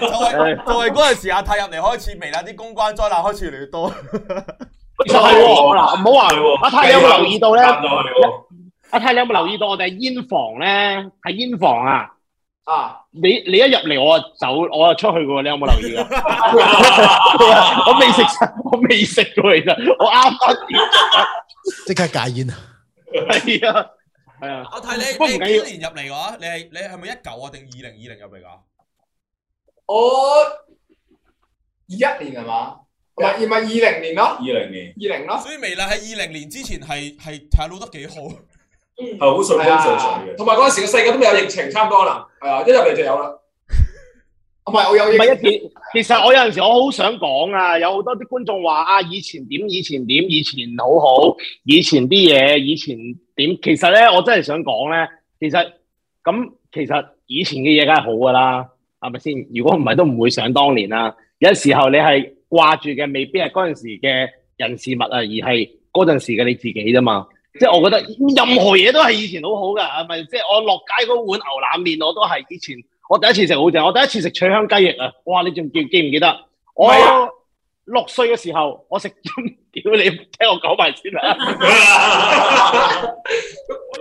就係就係嗰陣時阿泰入嚟開始，未啦啲公關災難開始越嚟越多。 其實係嗱，唔好話阿泰，你有冇留意到咧？阿、啊、泰，你有冇留意到我哋喺煙房咧？喺煙房啊，啊你你一入嚟我就走，我就出去噶，你有冇留意啊？ 我未食，我未食，其實我啱啱即刻戒煙啊！係啊。係啊！我睇你，你幾年入嚟嘅話，你係你係咪一九啊定二零二零入嚟噶？我二一年係嘛？唔係唔係二零年咯？二零年，二零咯。所以微辣喺二零年之前係睇下老得幾好，係好順風順水嘅。同埋嗰陣時嘅世界都未有，有， 有疫情，差唔多啦。係啊，一入嚟就有啦。同埋我有唔係一？其實我有陣時我好想講啊，有好多啲觀眾話啊，以前點？以前點？以前好好，以前啲嘢，以前。以前以前以前點其實咧，我真係想講咧，其實咁其實以前嘅嘢，梗係好噶啦，係咪先？如果唔係都唔會想當年啦。有時候你係掛住嘅，未必係嗰陣時嘅人事物啊，而係嗰陣時嘅你自己啫嘛。即係我覺得任何嘢都係以前好好噶，係咪？即係我落街嗰碗牛腩麵，我都係以前我第一次食好正。我第一次食脆香雞翼啊，哇！你仲記記唔記得？啊、我。六歲嘅時候，我食，屌 你，聽我講埋先啦。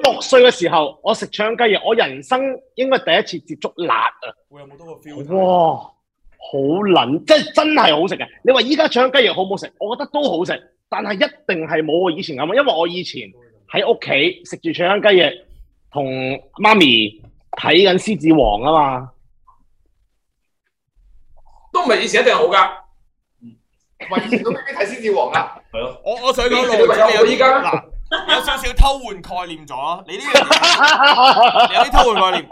六歲嘅時候，我食腸雞翼，我人生應該第一次接觸辣啊！我有冇多個 feel？哇，好捻，即係真係好食嘅。你話依家腸雞翼好唔好食？我覺得都好食，但係一定係冇我以前咁啊。因為我以前喺屋企食住腸雞翼，同媽咪睇緊《獅子王》啊嘛，都唔係以前一定好噶。 以前都未必睇《先至王》啊！係咯 了，我我想講，我依家嗱，有少少偷換概念咗。你呢樣嘢， 你有啲偷換概念。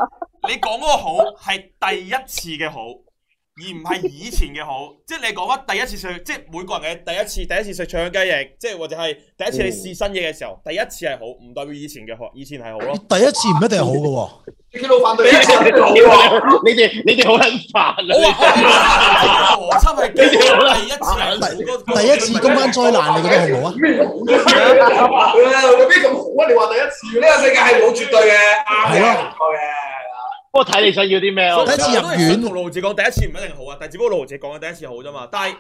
你講嗰個好係第一次嘅好。而唔係以前嘅好，即係你講返第一次食，即、就、係、是、每個人嘅第一次，第一次食長腿雞翼，即係或者係第一次你試新嘢嘅時候，第一次係好，唔代表以前嘅好，以前係好咯。第一次唔一定好嘅喎，你老犯隊，第一次係好， 你麼麼好、啊，你哋你哋好撚煩啊！差唔係第一次，第一第一次公關災難嚟嘅係好啊！咩咁好啊？你話第一次呢個世界係冇絕對嘅啱嘅同錯嘅。 不過睇你想要啲咩咯。第一次入院同羅子講第一次唔一定好啊，但係只不過羅子講嘅第一次好啫嘛。但係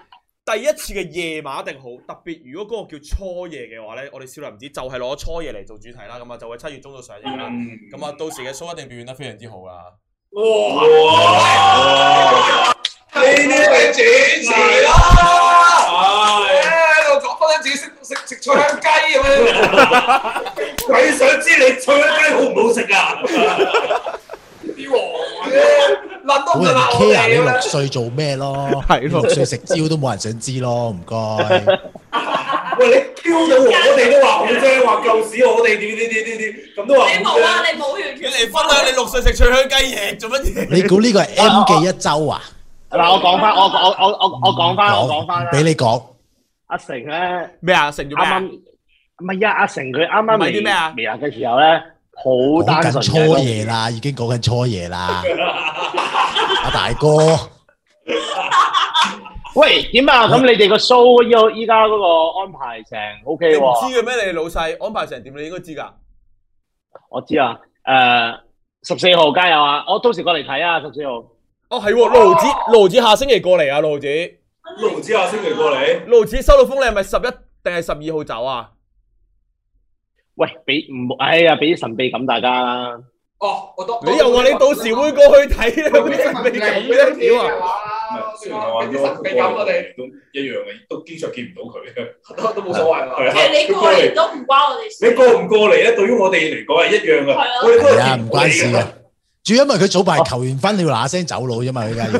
第一次嘅夜晚一定好，特別如果嗰個叫初夜嘅話咧，我哋笑林寺就係、是、攞初夜嚟做主題啦。咁啊，就會七月中度上映啦。咁啊、嗯，到時嘅 show 一定表現得非常之好噶。哇！呢啲係主持啦，係喺度講翻自己識食食菜雞咁樣。鬼 想知你菜雞好唔好食啊？冇人 care 你六歲做咩咯？係你六歲食蕉都冇人想知咯，唔該。喂，你挑到我，我哋都話，好係話舊屎我哋點點點點點，咁都話。你冇啊，你冇完。你離婚啊，你六歲食脆香雞翼做乜？你估呢個係 M 記一周啊？嗱，我講翻，我我我我我講翻，我講翻啦。俾你講，阿成咧咩啊？阿成啱啱唔係呀？阿成佢啱啱買啲咩啊？未啊嘅時候咧，好單純嘅。講緊初夜啦，已經講緊初夜啦。阿大哥，喂，點啊？咁喂你哋個 show 依依家嗰個安排成 O K 喎？唔知嘅咩？你老細安排成點？你應該知噶。我知啊，誒、呃，十四號加油啊！我到時過嚟睇啊，十四號。哦，係、啊，六毫子，六毫、啊、子下星期過嚟啊，六毫子。六毫子下星期過嚟。六毫子收到風你，係咪十一定係十二號走啊？喂，俾唔，哎呀，俾啲神秘感大家。哦，我都你又話你到時會過去睇啊，啲神秘感咧屌啊！唔係算我話過嚟，都一樣嘅，都經常見唔到佢嘅，都都冇所謂。其實你過嚟都唔關我哋事。你過唔過嚟咧？對於我哋嚟講係一樣嘅，係啊，唔關事啊。主要因為佢早排球完，分了嗱嗱聲走佬啫嘛，佢而家要。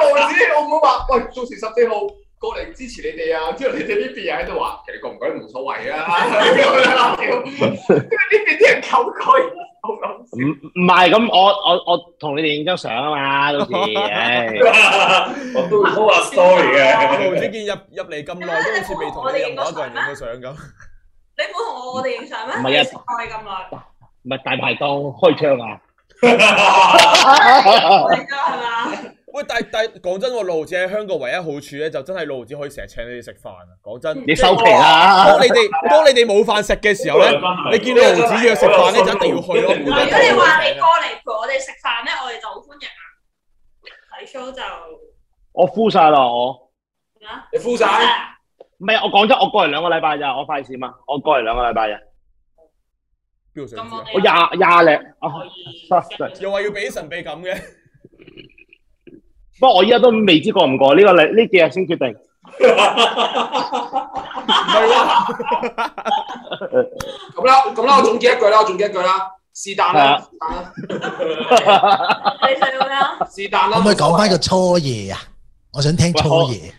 我唔知，我唔會話。喂，到時十四號。我嚟支持你哋啊！之後你哋呢邊又喺度話，其實覺唔覺得冇所謂啊？因為呢邊啲人求佢，好諗唔唔係咁，我我我同你哋影張相啊嘛，到時我都都話 sorry 啊！你見入入嚟咁耐，都好似未同你任何一個人影過相咩？你冇同我我哋影相咩？唔係啊，耐咁耐，唔係大排檔開槍啊！開槍啦！喂，但但講真，路子喺香港唯一好處咧，就真係路子可以成日請你哋食飯啊！講真，你收皮啦！當你哋當你哋冇飯食嘅時候咧，你見到盧子約食飯咧，就一定要去咯。如果你話你過嚟陪我哋食飯咧，我哋就好歡迎啊！睇 show 就我敷晒啦，我你敷晒！唔係，我講真，我過嚟兩個禮拜咋，我快閃嘛？我過嚟兩個禮拜咋，標水我廿廿零又話要俾神秘感嘅。不，不，過不過我依家都未知過唔過呢個例，呢幾日先決定。唔係喎，咁啦，咁啦，我總結一句啦，我總結一句啦，是但、啊、啦， 吧你是但啦。你、啊、你 想講咩是但啦。可唔可以講翻個初夜啊？我想聽初夜。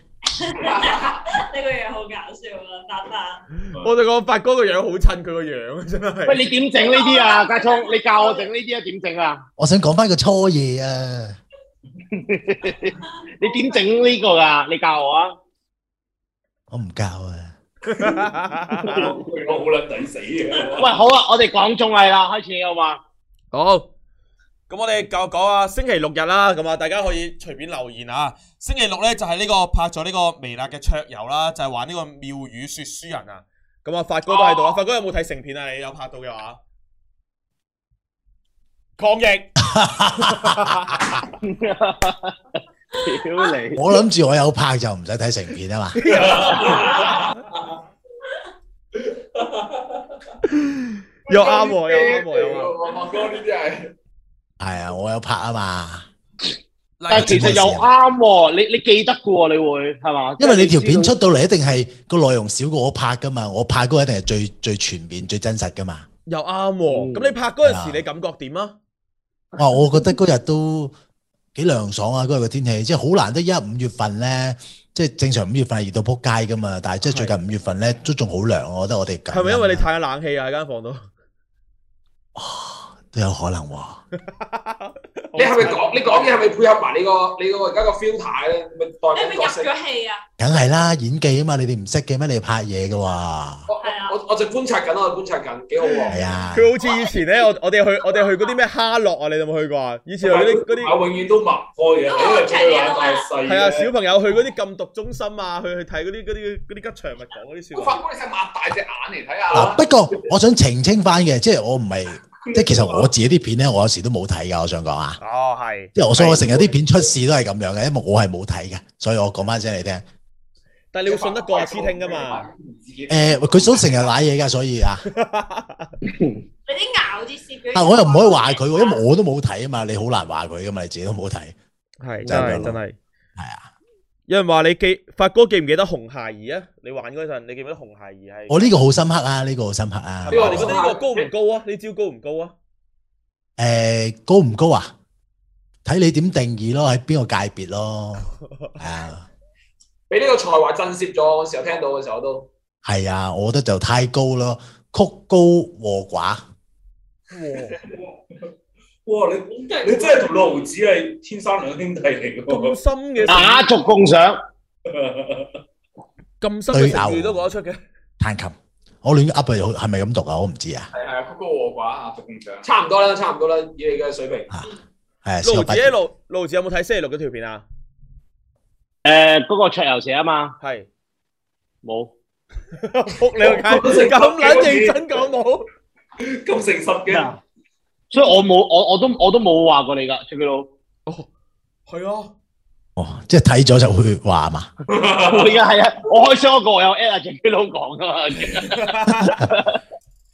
呢個嘢好搞笑啊，我哋個發哥個樣好襯佢個樣，真係。喂，你點整呢啲啊？加蔥，你教我整呢啲啊？點整啊？我想講翻個初夜啊！ 你點整呢個噶？你教我啊！我唔教啊！老套路啦，抵死嘅。喂，好啊，我哋講綜藝啦，開始好嘛？好，咁好我哋就講啊星期六日啦，咁啊大家可以隨便留言啊。星期六咧就係呢個拍咗呢個微辣嘅桌遊啦，就係玩呢個妙語說書人啊。咁啊，發哥都喺度啊，發哥有冇睇成片啊？你有拍到嘅話？抗疫，屌 你麼！我諗住我有拍就唔使睇成片啊嘛。 又啱喎，又啱喎，又啱。我拍呢啲，係啊，我有拍啊嘛。但其實又啱喎，啊、你你記得嘅喎，你會係嘛？因為你條片出到嚟一定係個內容少過我拍噶嘛，我拍嗰個一定係最最全面、最真實噶嘛。嗯、又啱，咁你拍嗰陣時你感覺點啊？嗯哇！我覺得嗰日都幾涼爽啊，嗰日嘅天氣，即係好難得一五月份咧，即係正常五月份係熱到仆街㗎嘛，但係即係最近五月份咧都仲好涼，我覺得我哋係咪因為你太冷氣啊喺間房度？啊，都有可能喎、啊。 你係咪講你講嘢係咪配合埋你個你個而家個 filter 咧？你係咪代入咗戲啊？梗係啦，演技啊嘛，你哋唔識嘅咩？你拍嘢㗎喎。我係啊，我我就觀察緊咯，我觀察緊，幾好喎。係啊。佢好似以前咧， 我我哋去我哋去嗰啲咩哈洛啊，你有冇去過啊？以前嗰啲嗰啲。是我永遠都擘開嘅。係啊，小朋友去嗰啲禁毒中心啊，去去睇嗰啲嗰啲嗰啲吉祥物講嗰啲笑。法官，我發覺你係擘大隻眼嚟睇下？嗱， 不過我想澄清翻嘅，即係我唔係。即係其實我自己啲片咧，我有時都冇睇噶。我想講啊，哦係，即係我所以，我成日啲片出事都係咁樣嘅，因為我係冇睇嘅，所以我講翻聲你聽。但係你會信得過阿師、嗯、聽噶嘛？誒、呃，佢想成日瀨嘢噶，所以啊，你啲咬啲是佢。但我又唔可以話佢，因為我都冇睇啊嘛，你好難話佢噶嘛，你自己都冇睇。係是真係真係係啊。有人話你記發哥記唔記得紅孩兒啊？你玩嗰陣，你記唔記得紅孩兒係？我呢、哦這個好深刻啊！呢、這個好深刻啊！你覺得呢個高唔高啊？呢招、欸、高唔高啊？誒、欸，高唔高啊？睇你點定義咯，喺邊個界別咯？係啊、 哎呀！俾呢個才華震懾咗，我成日聽到嘅時候都係啊！我覺得就太高咯，曲高和寡。 哇！你你真係同六毫子係天生兩個兄弟嚟嘅，咁深嘅雅俗共賞，咁深嘅字都講得出嘅。彈琴我亂 up 係係咪咁讀啊？我唔知啊。係係曲高和寡啊，雅俗共賞。差唔多啦，差唔多啦，以你嘅水平。吓，六毫子六六毫子有冇睇星期六嘅條片啊？誒，嗰個桌遊社啊嘛，係冇。仆你個街咁捻認真講冇咁誠實嘅。所以我冇我我都我都冇話過你㗎，Jacky Lou。哦，係啊。哦，即係睇咗就會話嘛。會啊，係啊，我開箱嗰個我有 at 阿 Jacky Lou 講㗎嘛。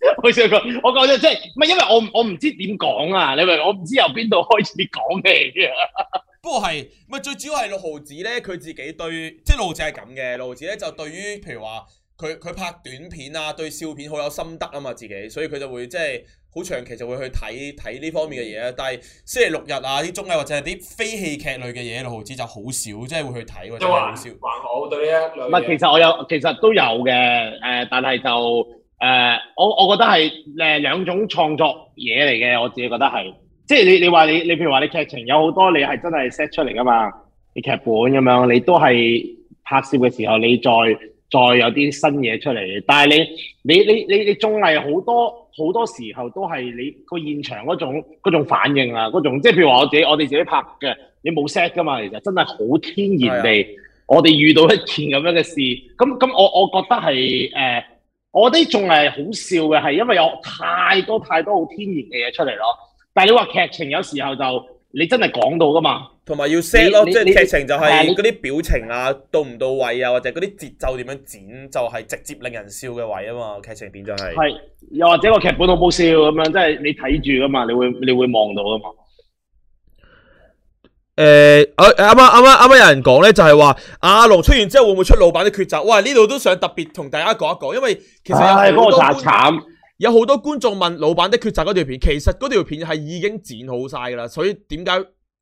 開箱嗰我講咗即係，唔係因為我我唔知點講啊，你明？我唔知由邊度開始講嘅。不過係，唔係最主要係六毫子咧，佢自己對，即係六毫子係咁嘅，六毫子咧就對於譬如話。佢佢拍短片啊，對笑片好有心得啊嘛，自己，所以佢就會即係好長期就會去睇睇呢方面嘅嘢。但係星期六日啊，啲綜藝或者係啲非戲劇類嘅嘢，豪 Dee 就好少，即係會去睇喎，說就好少。還好，對呢唔係，其實我有，其實都有嘅，誒、呃，但係就誒、呃，我我覺得係誒兩種創作嘢嚟嘅，我自己覺得係，即係你你話你你譬如話你劇情有好多，你係真係 set 出嚟噶嘛，你劇本咁樣，你都係拍攝嘅時候你再。再有啲新嘢出嚟，但係你你你你你仲係好多好多時候都係你個現場嗰種嗰種反應啊，嗰種即係譬如話我自己我哋自己拍嘅，你冇 set 噶嘛，其實真係好天然地，我哋遇到一件咁樣嘅事，咁咁的我我覺得係誒、呃，我啲仲係係好笑嘅，係因為有太多太多好天然嘅嘢出嚟咯。但係你話劇情有時候就你真係講到噶嘛？同埋要 set 咯，即係劇情就係嗰啲表情啊，你到唔到位啊，或者嗰啲節奏點樣剪，就係、是、直接令人笑嘅位啊嘛。劇情片就係係又或者個劇本好唔好笑咁樣，即係你睇住噶嘛，你會你會望到噶嘛。誒、欸，我啱啱啱啱有人講咧，就係話阿龍出現之後會唔會出老闆的抉擇？哇！呢度都想特別同大家講一講，因為其實係嗰個真係慘，有好多、哎、多觀眾問《老闆的抉擇》嗰條片，其實嗰條片係已經剪好晒噶啦，所以點解？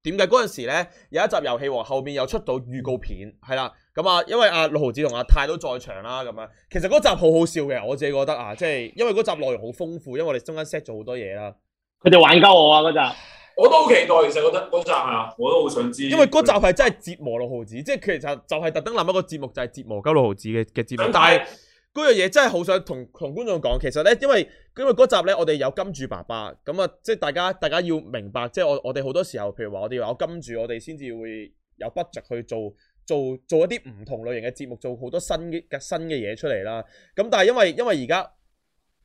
點解嗰陣時咧，有一集遊戲王後面又出到預告片係啦咁啊，因為阿六毫子同阿泰都在場啦咁樣，其實嗰集好好笑嘅，我自己覺得啊，即係因為嗰集內容好豐富，因為我哋中間 set 咗好多嘢啦。佢哋玩鳩我啊嗰集，我都好期待。其實覺得嗰集啊，我都好想知。因為嗰集係真係折磨六毫子，即係其實就係特登諗一個節目就係折磨鳩六毫子嘅嘅節目，看但係。嗰樣嘢，真係好想同同觀眾講。其實呢，因為因為嗰集呢，我哋有金主爸爸，咁啊，即係大家大家要明白，即係我我哋好多時候，譬如話我哋要有金主我哋，先至會有 budget 去做做做一啲唔同類型嘅節目，做好多新嘅新嘅嘢出嚟啦。咁但係因為因為而家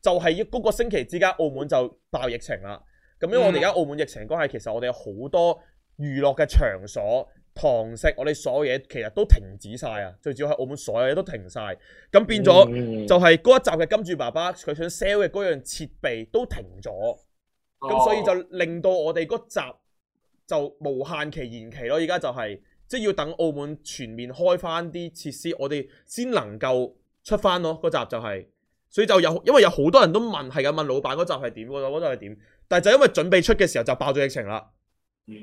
就係要嗰個星期之間，澳門就爆疫情啦。咁因為我哋而家澳門疫情關係，其實我哋有好多娛樂嘅場所。堂食我哋所有嘢其實都停止晒啊！最主要係澳門所有嘢都停晒。咁變咗就係嗰一集嘅金主爸爸佢想 sell 嘅嗰樣設備都停咗，咁所以就令到我哋嗰集就無限期延期咯。而家就係即係要等澳門全面開翻啲設施，我哋先能夠出翻咯。嗰集就係、是，所以就有因為有好多人都問係啊，問老闆嗰集係點喎？嗰集係點？但係就因為準備出嘅時候就爆咗疫情啦。嗯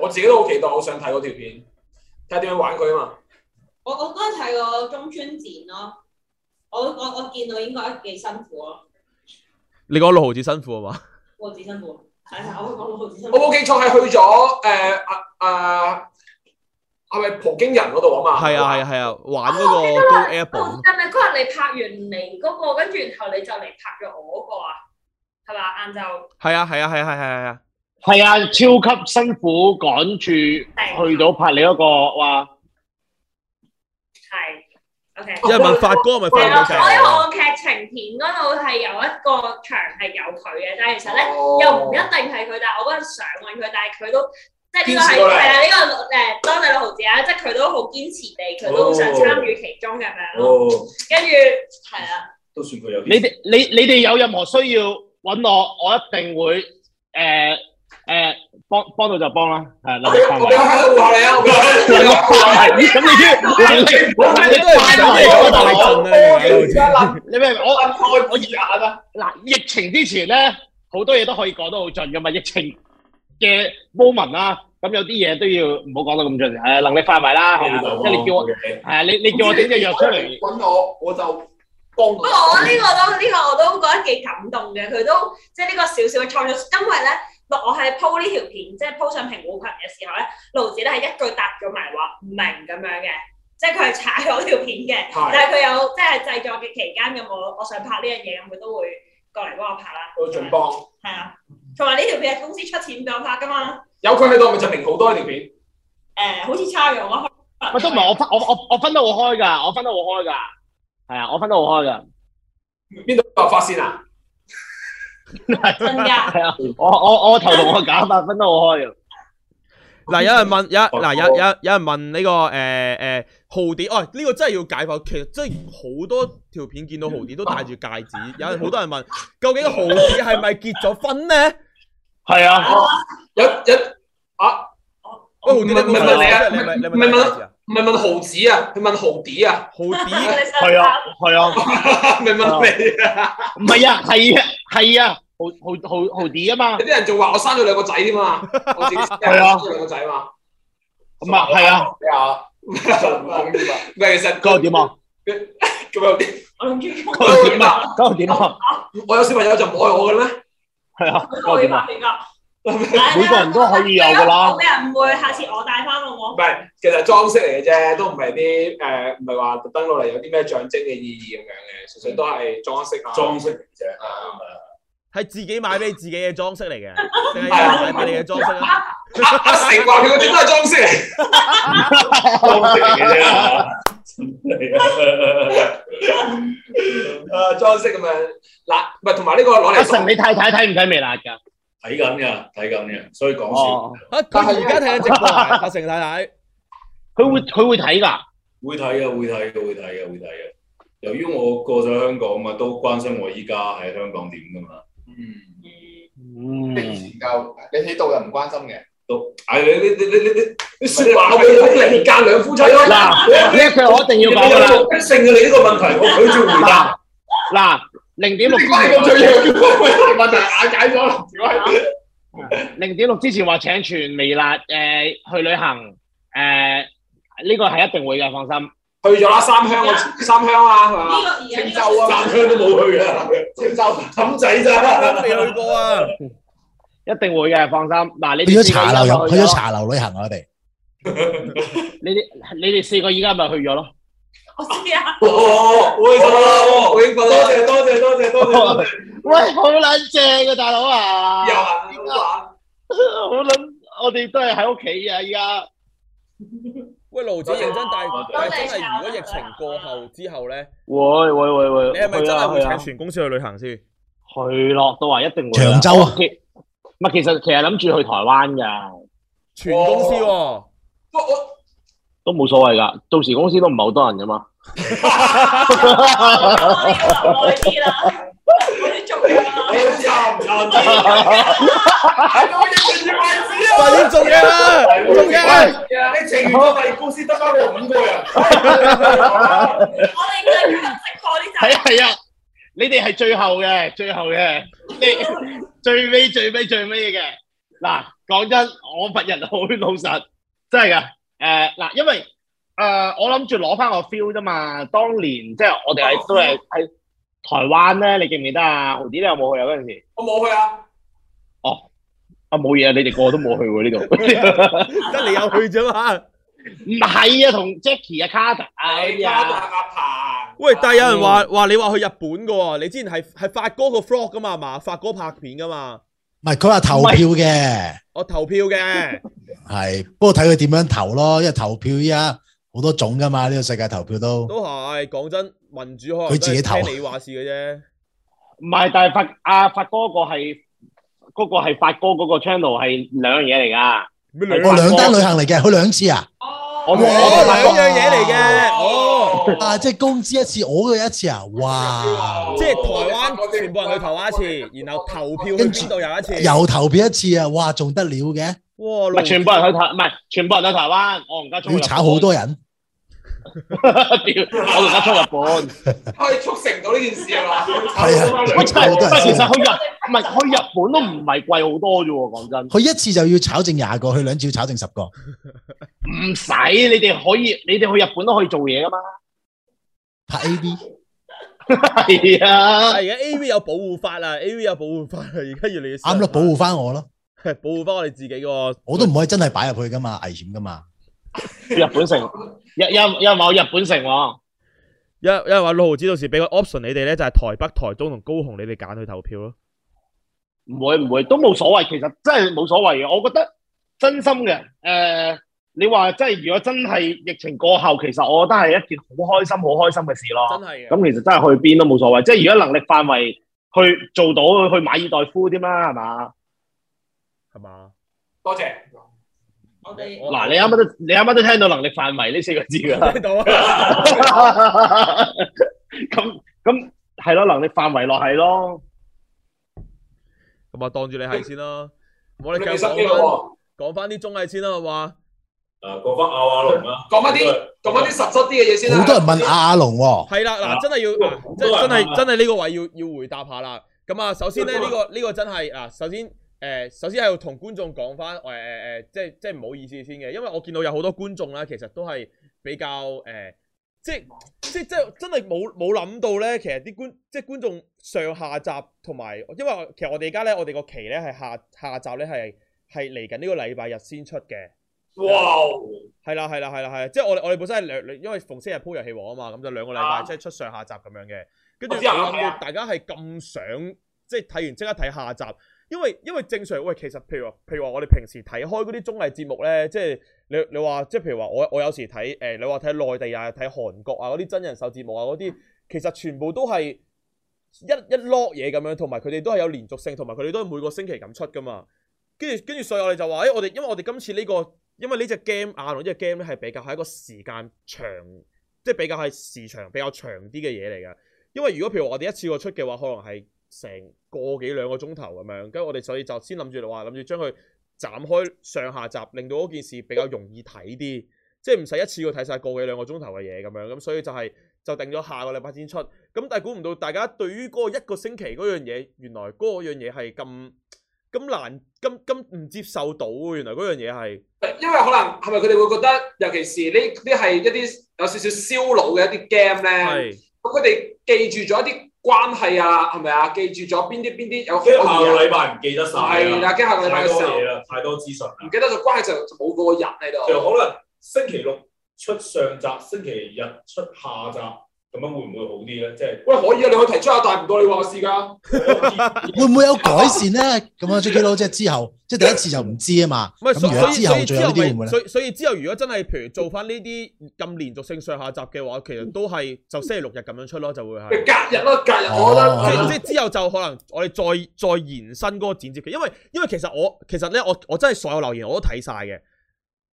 我自己都好期待，好想睇嗰條片，睇點樣玩佢啊嘛！我我嗰日睇過中村展咯，我我我見到應該幾辛苦咯。你講六毫子辛苦啊嘛？六毫子辛苦，係、哎、我講六毫子辛我冇記錯係去咗誒啊誒，係咪葡京人嗰度啊嘛？係啊係啊係啊，玩嗰個 game app。係咪嗰日你拍完嚟，那、嗰個，跟住然後你就嚟拍咗我嗰個、那個、啊？係嘛，晏晝。係啊係啊係啊係係係啊！係啊，超級辛苦，趕住去到拍你嗰，那個話，係，O K。一問，okay 哦，發哥咪實發哥就係。我劇情片嗰度係有一個場係有佢嘅，但係其實咧，哦，又唔一定係佢。但係我嗰陣想搵佢，但係佢都即係呢個係係啊呢個誒當地六毫子啊，即係佢都好堅持地，佢都好想參與其中嘅，係咪啊？哦，跟住係啊，都算佢有你。你哋你你哋有任何需要搵我，我一定會誒。呃誒，幫幫到就幫啦，係能力範圍。咁你叫我我嗱，疫情之前咧，好多嘢都可以講得好盡噶嘛。疫情嘅波紋啦，咁有啲嘢都要唔好講得咁盡。誒，能力範圍啦，即係你叫我，係啊，你你叫我整隻藥出嚟，搵我，我就幫。不過我呢個都呢個我都覺得幾感動嘅，佢都即係呢個少少嘅創作，因為咧。我我係鋪呢條片，即係鋪上蘋果群嘅時候咧，盧子咧係一句答咗埋話唔明咁樣嘅，即係佢係踩咗條片嘅。但係佢有即係製作嘅期間咁，我我想拍呢樣嘢咁，佢都會過嚟幫我拍啦。佢會盡幫係啊，同埋呢條片係公司出錢俾我拍噶嘛。有佢喺度咪就平好多呢條片？誒、呃，好似差樣我開，都唔係我分我我我分得我開噶，我分得我開噶。係啊，我分得開我分得開噶。邊度話發先啊？ 真噶假， 我我我頭同我假發分得好開啊！嗱， 有人問，有嗱有有有人問呢個誒誒，豪 Dee，哦呢個真係要解剖，其實即係好多條片見到豪 Dee 都戴住戒指，有好多人問究竟豪 Dee 係咪結咗婚呢？係啊，有有啊，哦，你問你你啊，你你問咯。唔係問豪子啊，佢問豪 Dee 啊，豪 Dee，係 啊，係啊，唔係問啊？唔係啊，係啊，係啊，豪豪豪 Dee 啊嘛！有啲人仲話我生咗兩個仔添嘛，我自己生咗兩個仔嘛。咁 是啊，係 是啊，你 實啊？咩神？佢又點啊？佢佢又點？佢又點啊？佢又點啊？ 我，啊 我，啊 我有小朋友就唔愛我嘅咩？係 啊。 每個人都可以有噶啦，唔會，下次我帶翻好唔好？唔係，其實裝飾嚟嘅啫，都唔係啲誒，唔係話特登攞嚟有啲咩象徵嘅意義咁樣嘅，純粹都係裝飾啊。裝飾嚟嘅，係自己買俾自己嘅裝飾嚟嘅，係買嚟嘅裝飾啊。阿阿成話佢點都係裝飾嚟，裝飾嚟嘅啫，真係裝飾咁樣嗱，唔係同埋呢個攞嚟，阿成你太太睇唔睇微辣噶？睇緊嘅，睇緊嘅，所以講笑。但係而家睇緊直播，阿成太太，佢會佢會睇噶，會睇嘅，會睇嘅，會睇嘅，會睇嘅。由於我過咗香港嘛，都關心我依家喺香港點噶嘛。嗯嗯。以前教你喺度又唔關心嘅，都，哎你你你你你你話佢離間兩夫妻咯。嗱，呢一句我一定要講啦，不勝嘅你呢個問題，我拒絕回答。嗱。零點六呢個最弱，佢之前話就解咗啦。零點六之前話請全微辣誒去旅行誒，呢個係一定會嘅，放心。去咗啦，三鄉個三鄉啊，係嘛？青州啊，三鄉都冇去啊，青州氹仔咋，未去過啊。一定會嘅，放心。嗱，你去咗茶樓飲，去咗茶樓旅行啊，我哋。你哋你哋四個依家咪去咗咯。我知啊！我我已經講啦，我已經講多謝多謝多謝多謝喂，好撚正嘅大佬啊！又點解？好撚！我哋都係喺屋企啊，而家。喂，盧子認真，但係真係，如果疫情過後之後咧，喂，喂，喂，會，你係咪真係會請全公司去旅行先？去咯，都話一定會。長洲啊！唔其實其實諗住去台灣噶，全公司喎。我。都冇所謂噶，到時公司都唔係好多人噶嘛。快啲做嘢啦！快啲做嘢啦！快啲做嘢啦！做嘢！你情願我哋公司得翻個五個人。我哋依家識做啲就係啊係啊，你哋係最後嘅，最後嘅，你哋最尾最尾最尾嘅。嗱，講真，我份人好老實，真係噶。誒嗱、呃，因為誒、呃、我諗住攞翻個 feel 啫嘛，當年即係我哋係、哦、都係喺台灣咧，你記唔記得啊？豪 Dee，你有冇去啊？嗰陣時我冇去啊。哦，啊冇嘢啊， 你哋個個都冇去喎呢度，得你有去啫嘛？唔係啊，同 Jackie 啊，Carter，哎呀，阿鵬。喂，但係有人話話你話去日本噶喎，你之前係係發哥個 vlog 噶嘛係嘛，發哥拍片噶嘛？唔係，佢話投票嘅，我投票嘅，係，不過睇佢點樣投咯，因為投票依家好多種噶嘛，呢個世界投票都都係，講真，民主可能佢自己投你話事嘅啫，唔係，但係發阿發哥個係，嗰個係發哥嗰個 channel 係兩樣嘢嚟噶，我兩單旅行嚟嘅，佢兩次啊。我兩樣嘢嚟嘅，哦，啊，即係工資一次，我嗰一次啊，哇！即係台灣全部人去台灣一次，然後投票去邊度又一次，又投票一次啊，哇，仲得了嘅？全部人去台，唔係全部人去台灣，我而家要炒好多人。我而家出日本，可以促成到呢件事係嘛？係啊，不不，其實去日唔係去日本都唔係貴好多啫，講真。佢一次就要炒正廿個，佢兩次要炒正十個。唔使，你哋可以，你哋去日本都可以做嘢噶嘛？拍 A V 係 啊，而家 A V 有保護法啊，A V 有保護法啊，而家越嚟越啱咯，保護翻我咯，保護翻我哋自己個，我都唔可以真係擺入去噶嘛，危險噶嘛。 日本城，有有有，話日本城，因因為話六毫子，到時俾個 option 你哋咧，就係、是、台北、台中同高雄，你哋揀去投票咯。唔會唔會，會都冇所謂，其實真係冇所謂嘅。我覺得真心嘅，誒。真你話即係如果真係疫情過後，其實我覺得係一件好開心、好開心嘅事咯。真係嘅。咁其實真係去邊都冇所謂，即係如果能力範圍去做到去馬爾代夫添啦，係嘛？係嘛？吧多謝。嗱 Okay.，你啱啱都你啱啱都聽到能力範圍呢四個字噶啦。聽到。咁咁係咯，能力範圍落係咯。咁啊，當住你係先啦。我哋繼續講翻講翻啲綜藝先啦，好嘛？啊，講翻阿阿龍啦，講翻啲，講翻啲實質啲嘅嘢，先啦。好多人問阿阿龍喎，啊，係啦了，嗱了，真係要，真真係真係呢個位要要回答下啦。咁啊了，這個這個，首先咧，呢個呢個真係嗱，首先誒，首先係要同觀眾講翻誒誒，即係即係唔好意思先嘅，因為我見到有好多觀眾咧，其實都係比較誒，即係即係即係真係冇冇諗到咧，其實啲、就是、觀即係觀眾上下集同埋，因為其實我哋而家咧，我哋個期咧係下下集咧係係嚟緊呢個禮拜日先出嘅。哇！係啦，係啦，係啦，係啦！即係我我哋本身係兩，因為逢星期日鋪遊戲王啊嘛，咁就兩個禮拜即係出上下集咁樣嘅，跟住之後大家係咁想，即係睇完即刻睇下集。因為因為正常喂，其實譬如話譬如話，我哋平時睇開嗰啲綜藝節目呢，即係你你話即係譬如話我我有時睇誒、呃，你話睇內地啊，睇韓國啊嗰啲真人秀節目啊嗰啲，其實全部都係一一攞嘢咁樣，同埋佢哋都係有連續性，同埋佢哋都係每個星期咁出噶嘛。跟住跟住，所以我哋就話誒、哎，我哋因為我哋今次呢、這個次。因為呢隻 game 啊，呢隻 game 咧係比較係一個時間長，即係比較係時長比較長啲嘅嘢嚟㗎。因為如果譬如我哋一次過出嘅話，可能係成個幾兩個鐘頭咁樣，跟住我哋所以就先諗住話，諗住將佢斬開上下集，令到嗰件事比較容易睇啲，即係唔使一次過睇晒個幾兩個鐘頭嘅嘢咁樣。咁所以就係就定咗下個禮拜先出。咁但係估唔到大家對於嗰一個星期嗰樣嘢，原來嗰樣嘢係咁。咁難咁咁唔接受到，原來嗰樣嘢係，因為可能係咪佢哋會覺得，尤其是呢啲係一啲有少少燒腦嘅一啲 game 咧。咁佢哋記住咗一啲關係啊，係咪啊？記住咗邊啲邊啲有幾多個禮拜唔記得晒。係啦、啊，記下個禮拜多嘢啦，太多，太多資訊，唔記得咗關係就就冇嗰個人喺度。就可能星期六出上集，星期日出下集。咁樣會唔會好啲咧？即係喂，可以啊！你可以提出下大唔到你話事噶，會唔會有改善咧？咁啊，朱基佬，即係之後，即係第一次就唔知啊嘛。唔係，所以，所以之後，如果真係譬如做翻呢啲咁連續性上下集嘅話，其實都係就星期六日咁樣出咯，就會係隔日咯，隔日我覺得即即係之後就可能我哋再再延伸嗰個剪接期，因為因為其實我其實咧，我我真係所有留言我都睇晒嘅，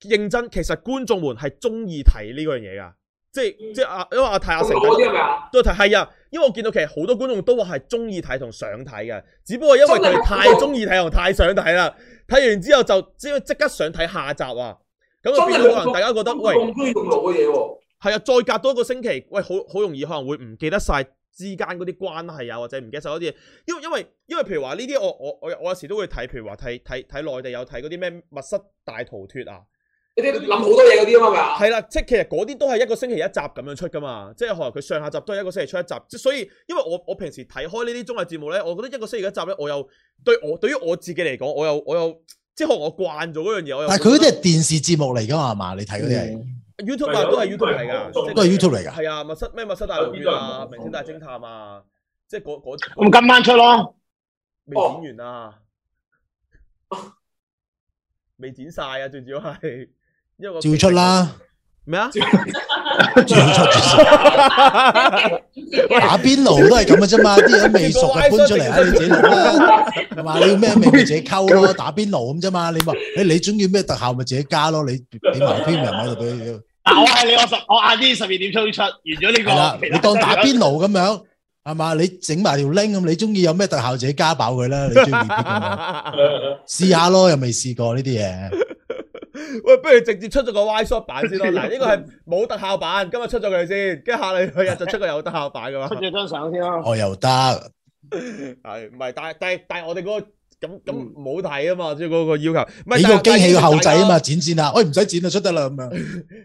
認真。其實觀眾們係中意睇呢個樣嘢噶。即係即係阿，因為阿泰阿成都睇係啊，因為我見到其實好多觀眾都話係中意睇同想睇嘅，只不過因為佢太中意睇同太想睇啦，睇完之後就即刻即刻想睇下集啊，咁啊變可能大家覺得喂咁中意咁老嘅嘢喎，係啊，再隔多一個星期，喂好好容易可能會唔記得晒之間嗰啲關係啊，或者唔記得晒嗰啲嘢，因為因為因為譬如話呢啲我我我我有時都會睇，譬如話睇睇睇內地有睇嗰啲咩密室大逃脱啊。你啲諗好多嘢嗰啲啊嘛，係啦，即係其實嗰啲都係一個星期一集咁樣出噶嘛，即係可能佢上下集都係一個星期出一集，即所以因為我我平時睇開呢啲綜藝節目咧，我覺得一個星期一集咧，我又對我對於我自己嚟講，我又我又即係我慣咗嗰樣嘢，我又我但係佢嗰啲係電視節目嚟噶嘛，係嘛、嗯？你睇嗰啲 YouTube 都係 YouTube 嚟噶，都係 YouTube 嚟噶。係啊，密室咩密室大冒險啊，明星大偵探啊，即係嗰嗰咁今晚出咯、啊，未剪完啊，未、oh，剪曬啊，最主要係。 照出啦，咩啊？照出，打邊爐都係咁嘅啫嘛，啲嘢未熟就搬出嚟啊，你自己啦，話你要咩味咪自己溝咯，打邊爐咁啫嘛，你話誒你中意咩特效咪自己加咯，你你埋篇人喺度俾，我係你我十我晏啲十二點出出完咗呢個，你當打邊爐咁樣係嘛，你整埋條 link 咁，你中意有咩特效自己加爆佢啦，你中意面片嘅嘛，試下咯，又未試過呢啲嘢。喂，不如直接出咗個 Yshot 版先咯，嗱，呢個係冇特效版，今日出咗佢先，跟下你去日就出個有特效版噶嘛？出咗張相先咯，哦，又得， 係，唔係，但係但係但係我哋嗰，那個咁咁唔好睇啊嘛，即係嗰個要求，你個機器要後製啊嘛，剪線啊，喂，唔使剪就出得啦咁啊。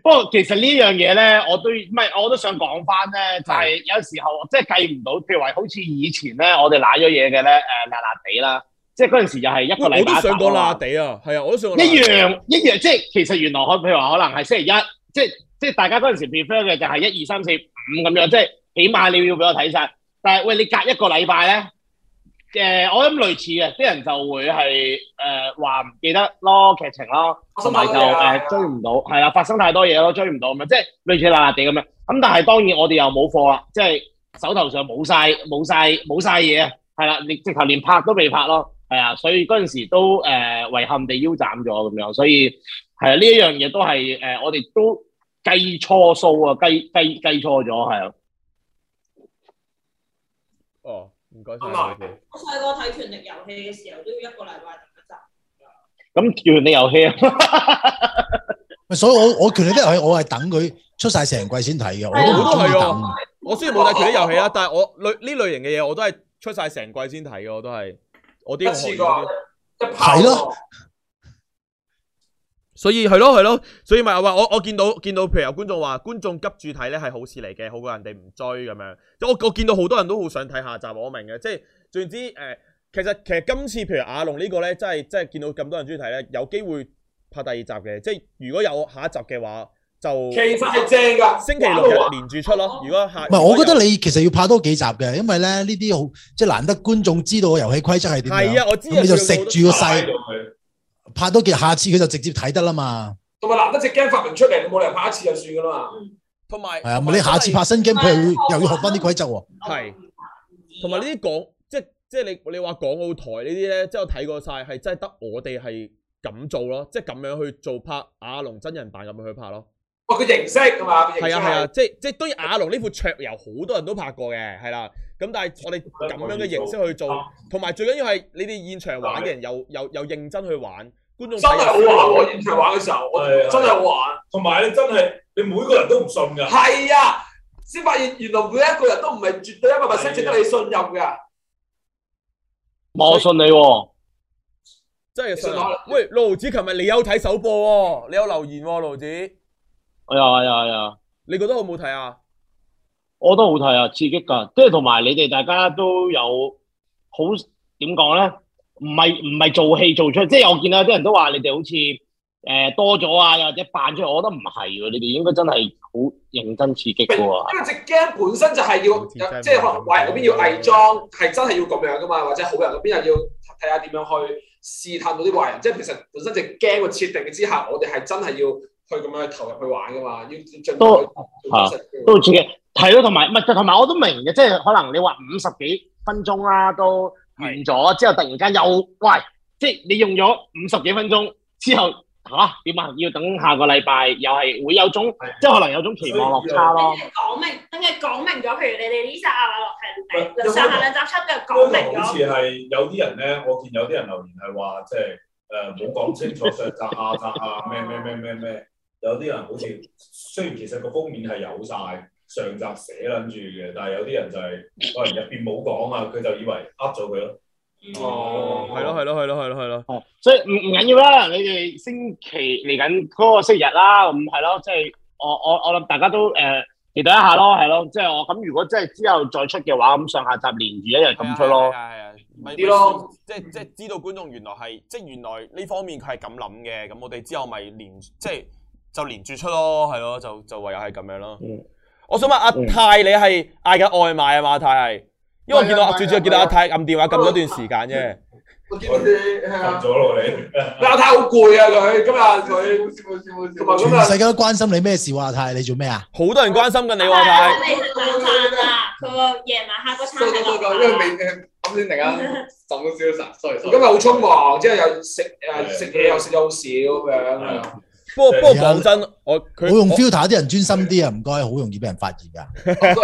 不過其實呢樣嘢咧，我都唔係，我都想講翻咧，就係、是、有時候即係計唔到，譬如話好似以前咧，我哋攋咗嘢嘅咧，誒，辣辣哋啦。即係嗰陣時又係一個禮拜一集啊，係啊，我都上過爛爛地啊，一樣一樣，即係其實原來可譬如話可能係星期一，即係即係大家嗰陣時 prefer 嘅就係一二三四五咁樣，即係起碼你要俾我睇晒，但係喂，你隔一個禮拜咧，誒、呃、我諗類似嘅，啲人就會係誒話唔記得咯劇情咯，同埋就誒追唔到，係啦、啊，發生太多嘢咯，追唔到咁啊，即係類似爛爛地咁樣。咁但係當然我哋又冇貨啦，即係手頭上冇晒，冇晒冇曬嘢啊，係啦，你直頭連拍都未拍咯。係啊，所以嗰陣時都誒遺憾地腰斬咗咁樣，所以係啊，呢一樣嘢都係誒、呃、我哋都計錯數啊，計計計錯咗係啊。哦，唔該晒。嗯、我細個睇權力遊戲嘅時候都要一個禮拜一集，咁權力遊戲啊， 所以我我權力遊戲我係等佢出晒成季先睇嘅。我都係啊，我雖然冇睇權力遊戲啦，但係我類呢類型嘅嘢我都係出晒成季先睇嘅，我都係。一次過，係咯了，所以係咯，係咯，所以咪話我我見到見到，譬如有觀眾話觀眾急住睇咧係好事嚟嘅，好過人哋唔追咁樣。我我見到好多人都好想睇下集，我明嘅。即係總之誒、呃，其實其實今次譬如阿龍呢個咧，真係真係見到咁多人中意睇咧，有機會拍第二集嘅。即係如果有下一集嘅話。就其實係正噶，星期六日連住出咯。啊、如果客唔係，不我覺得你其實要拍多幾集嘅，因為咧呢啲好即係難得觀眾知道個遊戲規則係點樣。係啊，我知你就食住個勢，拍多幾，下次佢就直接睇得啦嘛。同埋難得隻 game 發明出嚟，你冇理由拍一次就算噶啦嘛。同埋係啊，你下次拍新 game，佢又要學翻啲規則喎。係，同埋呢啲港，即係即係你你話港澳台呢啲咧，即係我睇過晒，係真係得我哋係咁做咯，即係咁樣去做拍阿龍真人版咁樣去拍咯。哦，個形式係嘛？係啊係啊，即係即係，當然阿龍呢副桌遊，好多人都拍過嘅，係啦。咁但係我哋咁樣嘅形式去做，同埋最緊要係你哋現場玩嘅人又又又認真去玩，觀眾真係好玩。現場玩嘅時候，真係好玩。同埋你真係，你每個人都唔信噶。係啊，先發現原來每一個人都唔係絕對一個陌生人值得你信任嘅。冇，我信你。真係信。喂，六毫子，琴日你有睇首播喎？你有留言喎，六毫子。哎呀、哎，哎呀，哎呀，你覺得好唔好睇啊？我都好睇啊，刺激噶，即係同埋你哋大家都有好點講咧？唔係唔係做戲做出嚟，即係我見到有啲人都話你哋好似誒、呃、多咗啊，又或者扮出嚟。我覺得唔係喎，你哋應該真係好認真刺激噶喎。因為隻 game 本身就係要，即係有可能壞人嗰邊要偽裝，係真係要咁樣噶嘛，或者好人嗰邊又要睇下點樣去試探到啲壞人。即係其實本身就 game 個設定之下，我哋係真係要。佢咁樣投入去玩嘅嘛，要都，進步，都都似嘅，係咯，同埋唔係，同埋我都明嘅，即係可能你話五十幾分鐘啦，都完咗之後，突然間又喂，即係你用咗五十幾分鐘之後，吓點啊？要等下個禮拜又係會有種，即係可能有種期望落差咯。講明，等你講明咗，譬如你哋呢集啊，落題，上下兩集出嘅，講明。好似係有啲人咧，我見有啲人留言係話，即係誒冇講清楚上集下集啊，咩咩咩咩咩。有啲人好似雖然其實個封面係有晒上集寫啦，住嘅，但係有啲人就係可能入邊冇講啊，佢、哎、就以為呃咗佢咯。哦、啊，係咯、嗯，係咯，係咯，係咯，係咯。哦，所以唔唔緊要啦。你哋星期嚟緊嗰個星期日啦，咁係咯，即、嗯、係、就是、我我我諗大家都誒期待一下咯，係咯，即係我咁如果即係之後再出嘅話，咁上下集連住一日咁出咯，係啊，係咪啲咯，即係即係知道觀眾原來係即係原來呢方面佢係咁諗嘅，咁我哋之後咪連即係。就連住出咯，係咯，就就唯有係咁樣咯。我想問阿泰，你係嗌緊外賣啊？馬泰，因為我見到最主要見到阿泰暗電話撳咗段時間啫。我見到你撳咗咯你。阿泰好攰啊佢，今日佢。全世界都關心你咩事啊？泰，你做咩啊？好多人關心㗎你，泰。佢個夜晚下餐。收佢夜晚黑收收收收收收收收收收收收收收收收收收收收收收收收收收收收收收收收收收收收不過不過講真，我佢用 filter 啲人專心啲啊，唔該對，好容易俾人發現噶。好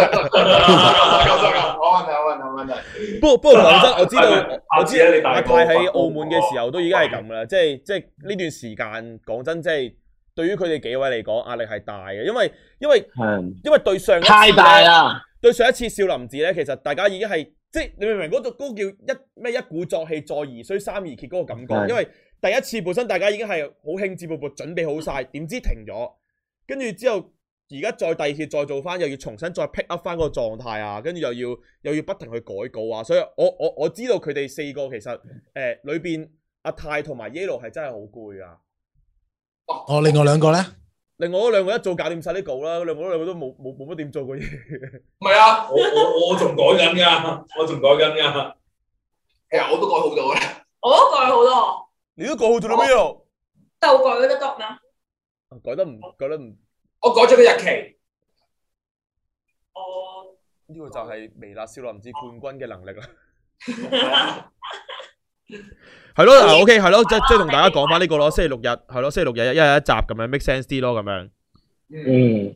問題好問題好問題。不過不過講真，我知道、啊、我知啊，你大概喺澳門嘅時候都已經係咁啦，即係即係呢段時間講真，即、就、係、是、對於佢哋幾位嚟講，壓力係大嘅，因為因為、嗯、因為對上一太大啦，對上一次笑林寺咧，其實大家已經係即係你明唔明嗰個叫一咩一,一鼓作氣再而衰三而竭嗰個感覺，嗯、因為。第一次本身大家已經係好興致勃勃，準備好晒，點知停咗，跟住之後而家再第二次再做翻，又要重新再 pick up 翻個狀態啊，跟住又要又要不停去改稿啊，所以我我我知道佢哋四個其實誒裏邊阿泰同埋 Yelo 係真係好攰啊。哦，另外兩個咧？另外嗰兩個一做搞掂晒啲稿啦，兩個兩個都冇冇冇乜點做過嘢。唔係啊，我我我仲改緊㗎，我仲改緊㗎。其實我都改好多啦，我都改好多。你都去好咗啦咩？又都改得得咩？改得唔改得唔？我改咗個日期。哦，呢時我個就係微辣笑林寺冠軍嘅能力啊！係咯，OK，係咯，即即係同大家講翻呢個咯。星期六日係咯，星期六日一日一,一集咁樣 make sense 啲咯，咁樣。嗯。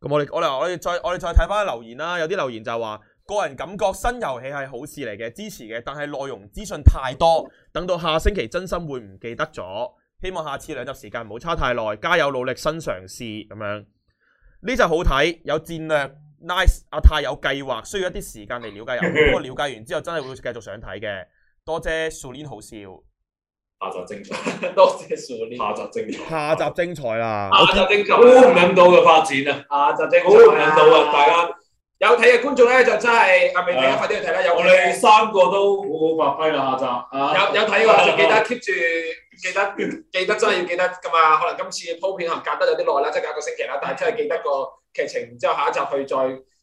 咁我哋我哋我哋再我哋再睇翻留言啦。有啲留言就話、是。個人感覺新遊戲係好事嚟嘅，支持嘅。但係內容資訊太多，等到下星期真心會唔記得咗。希望下次兩集時間唔好差太耐，加油努力新嘗試咁樣。呢集好睇，有戰略 Nice、啊。阿泰有計劃，需要一啲時間嚟了解遊戲。如果了解完之後，真係會繼續想睇嘅。多謝少年好笑，下集精彩。多謝少年，下集精彩，下集精彩啊！下集精彩，好唔諗到嘅發展啊！下集精好唔諗到啊，大家。有睇嘅觀眾咧，就係、真係係咪大家快啲去睇啦！有我哋三個都好好發揮啦，下集。啊、有有睇嘅話就記得 keep 住，記得記得，真係要記得噶嘛，可能今次嘅鋪片可能隔得有啲耐啦，即係隔一個星期啦，但係真係記得個劇情，然之後下一集去再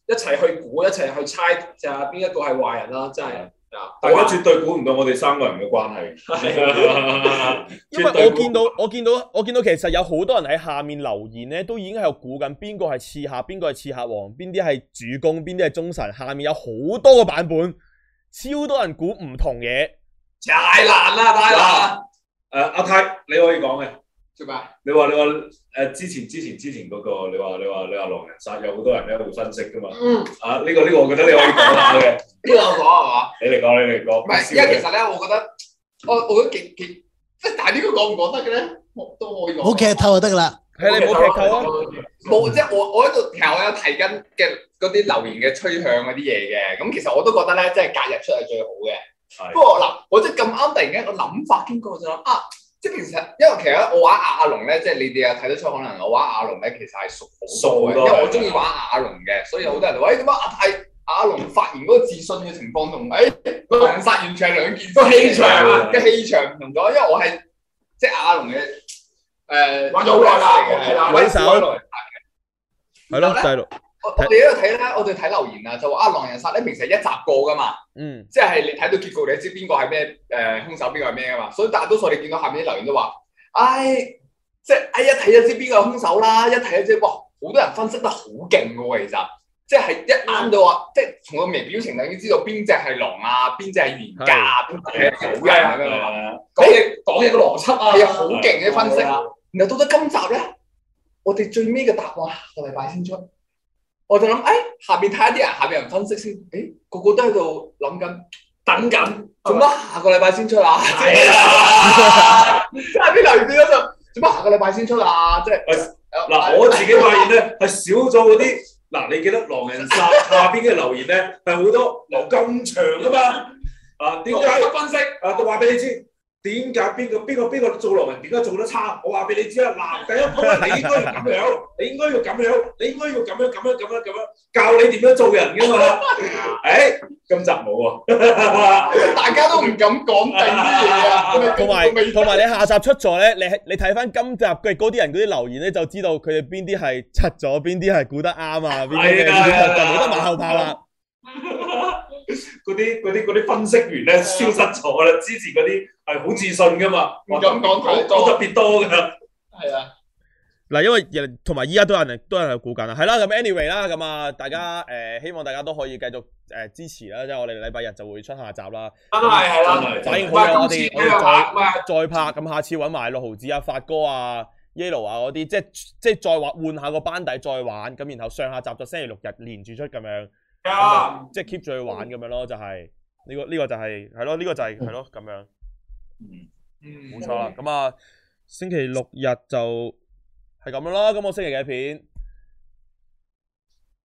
一齊去估，一齊去猜就係邊一個係壞人啦，真係。嗯大家絕對估唔到我哋三個人嘅關係。 因為我見到我見到我見到其實有好多人喺下面留言咧，都已經係有估緊邊個係刺客，邊個係刺客王，邊啲係主公，邊啲係忠臣，下面有好多個版本，超多人估唔同嘢，太難啦， uh, 太難！誒，阿泰你可以講嘅。你話你話誒之前之前之前嗰、那個你話你話你話狼人殺有好多人咧度分析噶嘛？嗯啊呢個呢個，這個、我覺得你可以講下嘅。邊我 講係嘛？你嚟講，你嚟講。唔係不，因為其實咧，我覺得我我極極即係，但係呢個講唔講得嘅咧，我都可以好嘅，劇透就得啦。係、啊、你冇劇透啊！冇即係我我喺度，其實我有睇緊嘅嗰啲留言嘅趨向嗰啲嘢嘅。咁其實我都覺得咧，即、就、係、是、隔日出係最好嘅。 不過嗱，我即係咁啱，突然間個諗法經過就啊～啊 即係其實，因為其實我玩阿龍咧，即係你哋又睇得出，可能我玩阿龍咧其實係熟好熟嘅，因為我中意、呃、玩阿龍嘅，所以好多人話：，哎了，點解阿泰阿龍發言嗰個自信嘅情況同，哎了，個龍發言完全係兩件，個氣場嘅氣場唔同咗，因為我係即係阿龍嘅咗誒，玩咗好耐，係咯，第六。看 看我哋喺度睇啦，我哋睇留言啊，就話、是、啊《狼人殺》咧，平時係一集過㗎嘛，嗯，即係你睇到結局，你知邊個係咩誒兇手 achieve,、啊，邊個係咩㗎嘛。所以大多數你我見到下面啲留言都話，唉、嗯對，即係唉一睇就知邊個兇手啦，一睇就知哇，好多人分析得好勁喎，其實，即係一啱就話，即係從個微表情已經知道邊隻係狼啊，邊隻係原價，邊係狗嘅咁樣啦。講嘢講嘢個邏輯啊，係好勁嘅分析。然後到咗今集咧，我哋最尾嘅答案下個禮拜先出。我就諗，哎，下邊睇下啲人，下邊人分析先，哎，個個都喺度諗緊，等緊，是是做乜下個禮拜先出啊？即係留言嗰陣，做乜下個禮拜先出啊？即係嗱，我自己發現咧，係 少咗嗰啲，嗱、 啊，你記得狼人殺下邊嘅留言咧，係好 多留咁長噶嘛，啊，點解分析？ 啊，我話俾你知。點解邊個邊個邊個做落嚟，點解做得差？我話俾你知啦，嗱第一講咧，你應該要咁樣， 樣，你應該要咁樣，你應該要咁樣，咁樣咁樣咁樣，教你點樣做人噶嘛？誒、 哎，今集冇啊！ 大家都唔敢講第啲嘢啊。同埋同埋， 你下集出咗咧，你你睇翻今集嘅嗰啲人嗰啲留言咧，就知道佢哋邊啲係出咗，邊啲係估得啱啊！係啊，冇得馬後炮啦。嗰啲啲啲分析員咧消、啊、失咗啦，之前嗰啲係好自信噶嘛，我咁講，講得特別多㗎，係啊，嗱，因為同埋依家都有人，都有人估緊啦，係啦，咁 anyway 啦，咁啊，way，大家誒、呃、希望大家都可以繼續誒支持啦，即係我哋禮拜日就會出下集啦，真係啦，反應好啊，我哋再、啊啊、再拍，咁下次揾埋六毫子啊、發哥啊、Yelo 啊嗰啲，即即，即再玩換下個班底再玩，咁然後上下集就星期六日連住出咁樣。即係 keep 住去玩咁樣咯，就係呢個呢個就係係咯呢個就係係咯咁樣，嗯，冇錯啦。咁啊，星期六日就係咁、就是、樣啦。咁我星期嘅片，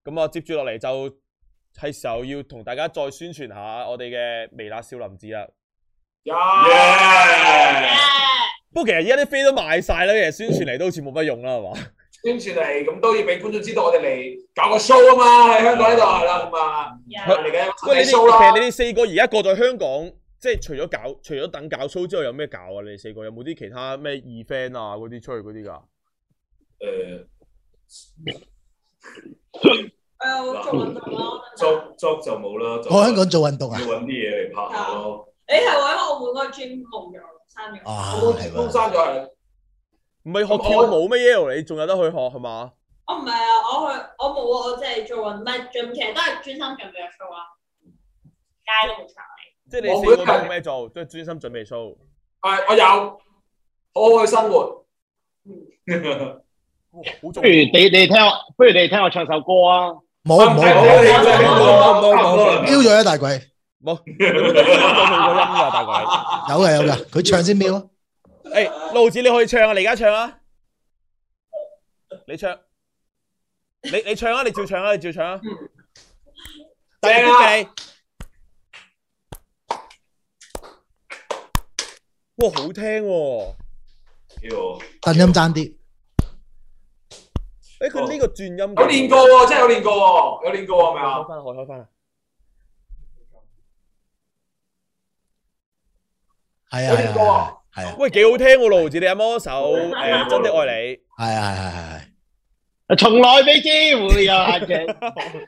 咁啊接住落嚟就係、是、時候要同大家再宣傳下我哋嘅《微辣少林寺》啦。不 e 其實而家啲飛都賣晒啦，其家宣傳嚟都好似冇乜用啦，係嘛？跟住嚟，咁都要俾觀眾知道我哋嚟搞個 show 啊嘛！喺香港呢度係啦，咁啊嚟嘅 show 啦。其實你哋四個而家過咗香港，即係除咗搞，除咗等搞 show 之外，有咩搞啊？你哋四個有冇啲其他咩二 friend 啊嗰啲出去嗰啲噶？誒，誒，做運動咯，做做就冇啦。我香港做運動啊，要搵啲嘢嚟拍咯。你係喺澳門嗰個 gym 紅咗刪咗，我個 g 咗系。唔係學，學跳舞咩嘢啊？你仲有得去學係嘛？我唔係啊，我去我冇啊，我即係做運，唔係做騎，都係專心準備、huh、show 啦。街都冇晒。即係你四個冇咩做，即係專心準備 show。係我有，我去生活。好，哦，不如你你聽我，不如你聽我唱首歌啊！冇冇冇冇冇，丟咗一大鬼！冇，冇，咗四個音噶大鬼。有噶有噶，佢唱先喵。誒，路子你可以唱啊，你而家唱啊，你唱，你你唱啊，你照唱啊，你照唱啊。定啊！哇，好聽喎，調，混音爭啲。誒，佢呢個轉音有練過喎，真係有練過喎，有練過係咪啊？開翻，開開翻啊！係係係。係， 啊、喂，幾好聽我盧智你阿魔手、啊欸，真的愛你，係啊係係係係，從、啊啊、來未機會又嘅，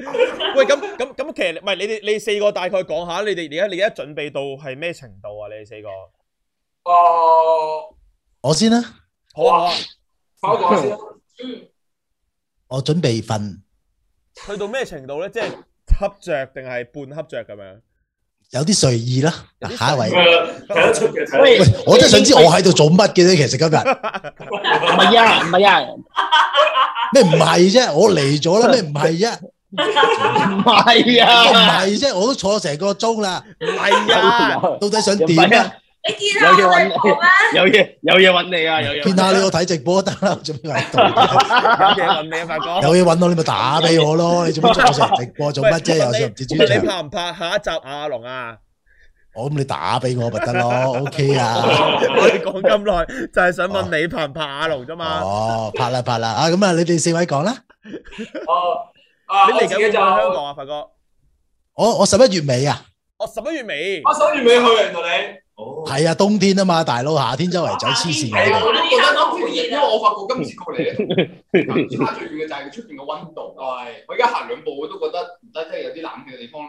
喂，咁咁咁，其實唔係你哋，你,你四個大概講下，你哋而家而家準備到係咩程度啊？你哋四個，哦，我先啦，好。啊，好啊 我講先、啊、 我準備瞓，去 到咩程度咧？即係瞌着定係半瞌着咁樣？有啲睡意啦，下一位。喂，我真係想知我喺度做乜嘅咧，其實今日。唔係啊，唔係啊。咩唔係啫？我嚟咗啦，咩唔係啫？唔係啊，唔係啫？我都坐成個鐘啦，唔係啊？ 到底想點啊？你見下有嘢搵我？有嘢有嘢搵你啊！見下你有睇直播得啦，做咩啊？有嘢搵你啊，發哥！有嘢搵我，你咪打俾我咯，你做咩早上直播做乜啫？有事唔接主持？你拍唔拍下一集阿龍啊？我咁你打俾我咪得咯，OK 啊？我哋講咁耐，就係想問你拍唔拍阿龍啫嘛？哦，拍啦拍啦啊！咁啊，你哋四位講啦。哦，你嚟緊就香港啊，發哥。我我十一月尾啊，我十一月尾，我十一月尾去啊，你。係啊、oh.，冬天啊嘛，大佬，夏天周圍走黐線。我依家都好熱，因為我發覺今次過嚟，差最遠嘅就係佢出邊嘅溫度。我而家行兩步，我都覺得唔得，即係有啲冷氣嘅地方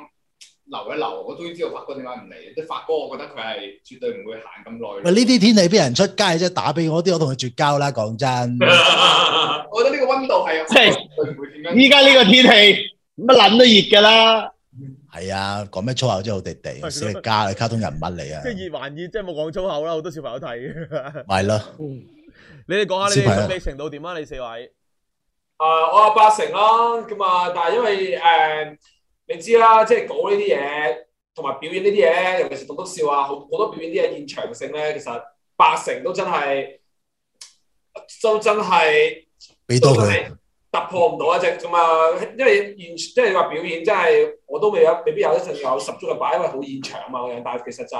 留一留。我終於知道發哥點解唔嚟，即發哥，我覺得佢係絕對唔會行咁耐。喂，呢啲天氣俾人出街啫？打俾我啲，我同佢絕交啦！講真，我覺得呢個溫度係，即係會依家呢個天氣乜捻都熱㗎啦。係啊，講咩粗口真係好地地，即係加卡通人物嚟啊！即係二還二，即係冇講粗口啦，好多小朋友睇嘅。係咯，你哋講下你哋準備程度點啊？你四位？啊、呃，我話八成啦，咁啊，但係因為誒、呃，你知啦，即係講呢啲嘢，同埋表演呢啲嘢，尤其是棟篤笑啊，好好多表演啲嘢現場性咧，其實八成都真係都真係畀多佢。突破唔到一隻咁啊，因為現即係話表演真係我都未有，未必有一陣有十足嘅把握，因為好現場啊嘛，但係其實就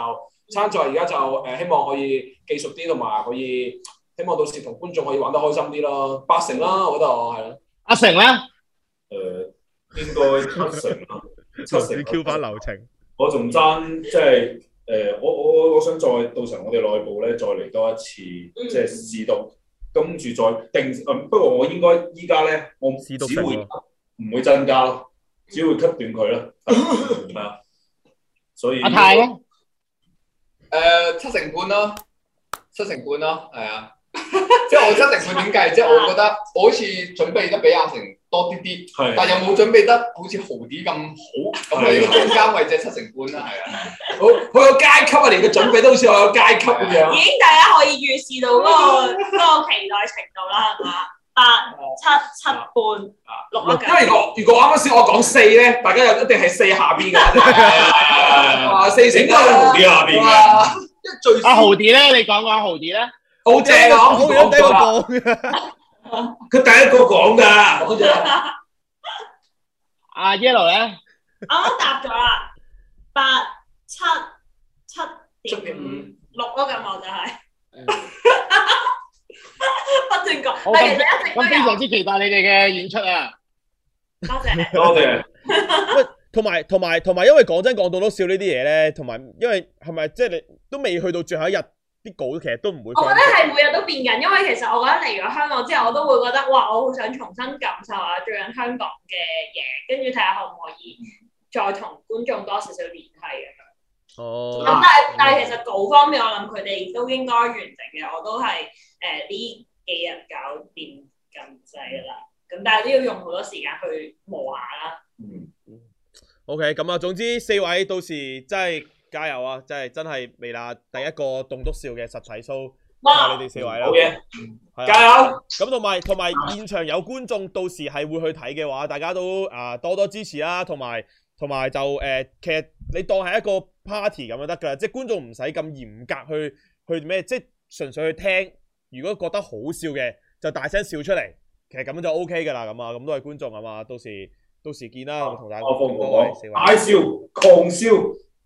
參賽而家就誒、呃、希望可以技術啲同埋可以希望到時同觀眾可以玩得開心啲咯，八成啦，我覺得我係咯，一、啊、成啦？誒、呃，應該七成啦， 七成。你 Q 翻流程？我仲爭即係誒，我我我，我想再到時候我哋內部咧再嚟多一次即係、就是、試刀。跟住再定，不過我應該依家咧，我只會唔會增加，只會 cut 斷佢咯，係、嗯、咪 所以阿泰咧、呃，七成半咯、啊，七成半咯，係啊，啊 即係我七成半點計？ 即係我覺得我好似準備得比阿成。多啲啲，但係又冇準備得好似豪 Dee 咁好，咁呢個中間位只七成半啦，係啊，好佢個階級啊，連個準備都好似我有階級咁樣。已經大家可以預視到嗰個期待程度啦，係嘛？八七七半，六一九。因為如果如果啱啱先我講四咧，大家又一定係四下邊嘅。哇，四成應該係豪 Dee 下邊嘅。阿豪 Dee 咧，你講講豪 Dee 咧？好正啊！好唔佢第一個講噶，阿 Yelo 咧啱啱答咗啦，八七七七五六咯，咁我就係不斷講。我非常之期待你哋嘅演出啊！多謝多謝。喂，同埋同埋同埋，因為講真講到都笑呢啲嘢咧，同埋因為係咪即係你都未去到最後一日？啲稿其實都唔會，我覺得係每日都變緊，因為其實我覺得嚟咗香港之後，我都會覺得哇，我好想重新感受下最近香港嘅嘢，看看會會跟住睇下可唔可以再同觀眾多少少聯繫嘅。哦，咁但係、哦、但係其實稿方面，我諗佢哋都應該完成嘅。我都係誒呢幾日搞掂咁滯啦，咁但係都要用好多時間去磨下啦。OK 咁啊，okay，總之四位到時真係～加油啊！真係真係未啦，第一個棟篤笑嘅實體 show、啊、你哋四位啦。好嘅、嗯，okay, 嗯、加油、啊！咁同埋同埋現場有觀眾，到時係會去睇嘅話，大家都啊多多支持啦、啊。同埋同埋就誒、啊，其實你當係一個 party 咁就得噶啦，即、就、係、是、觀眾唔使咁嚴格去去咩，即係純粹去聽。如果覺得好笑嘅，就大聲笑出嚟。其實咁就 OK 噶啦，咁啊，咁都係觀眾啊嘛。到時到時見啦，同大家多謝四位，大笑狂笑，窮窮笑。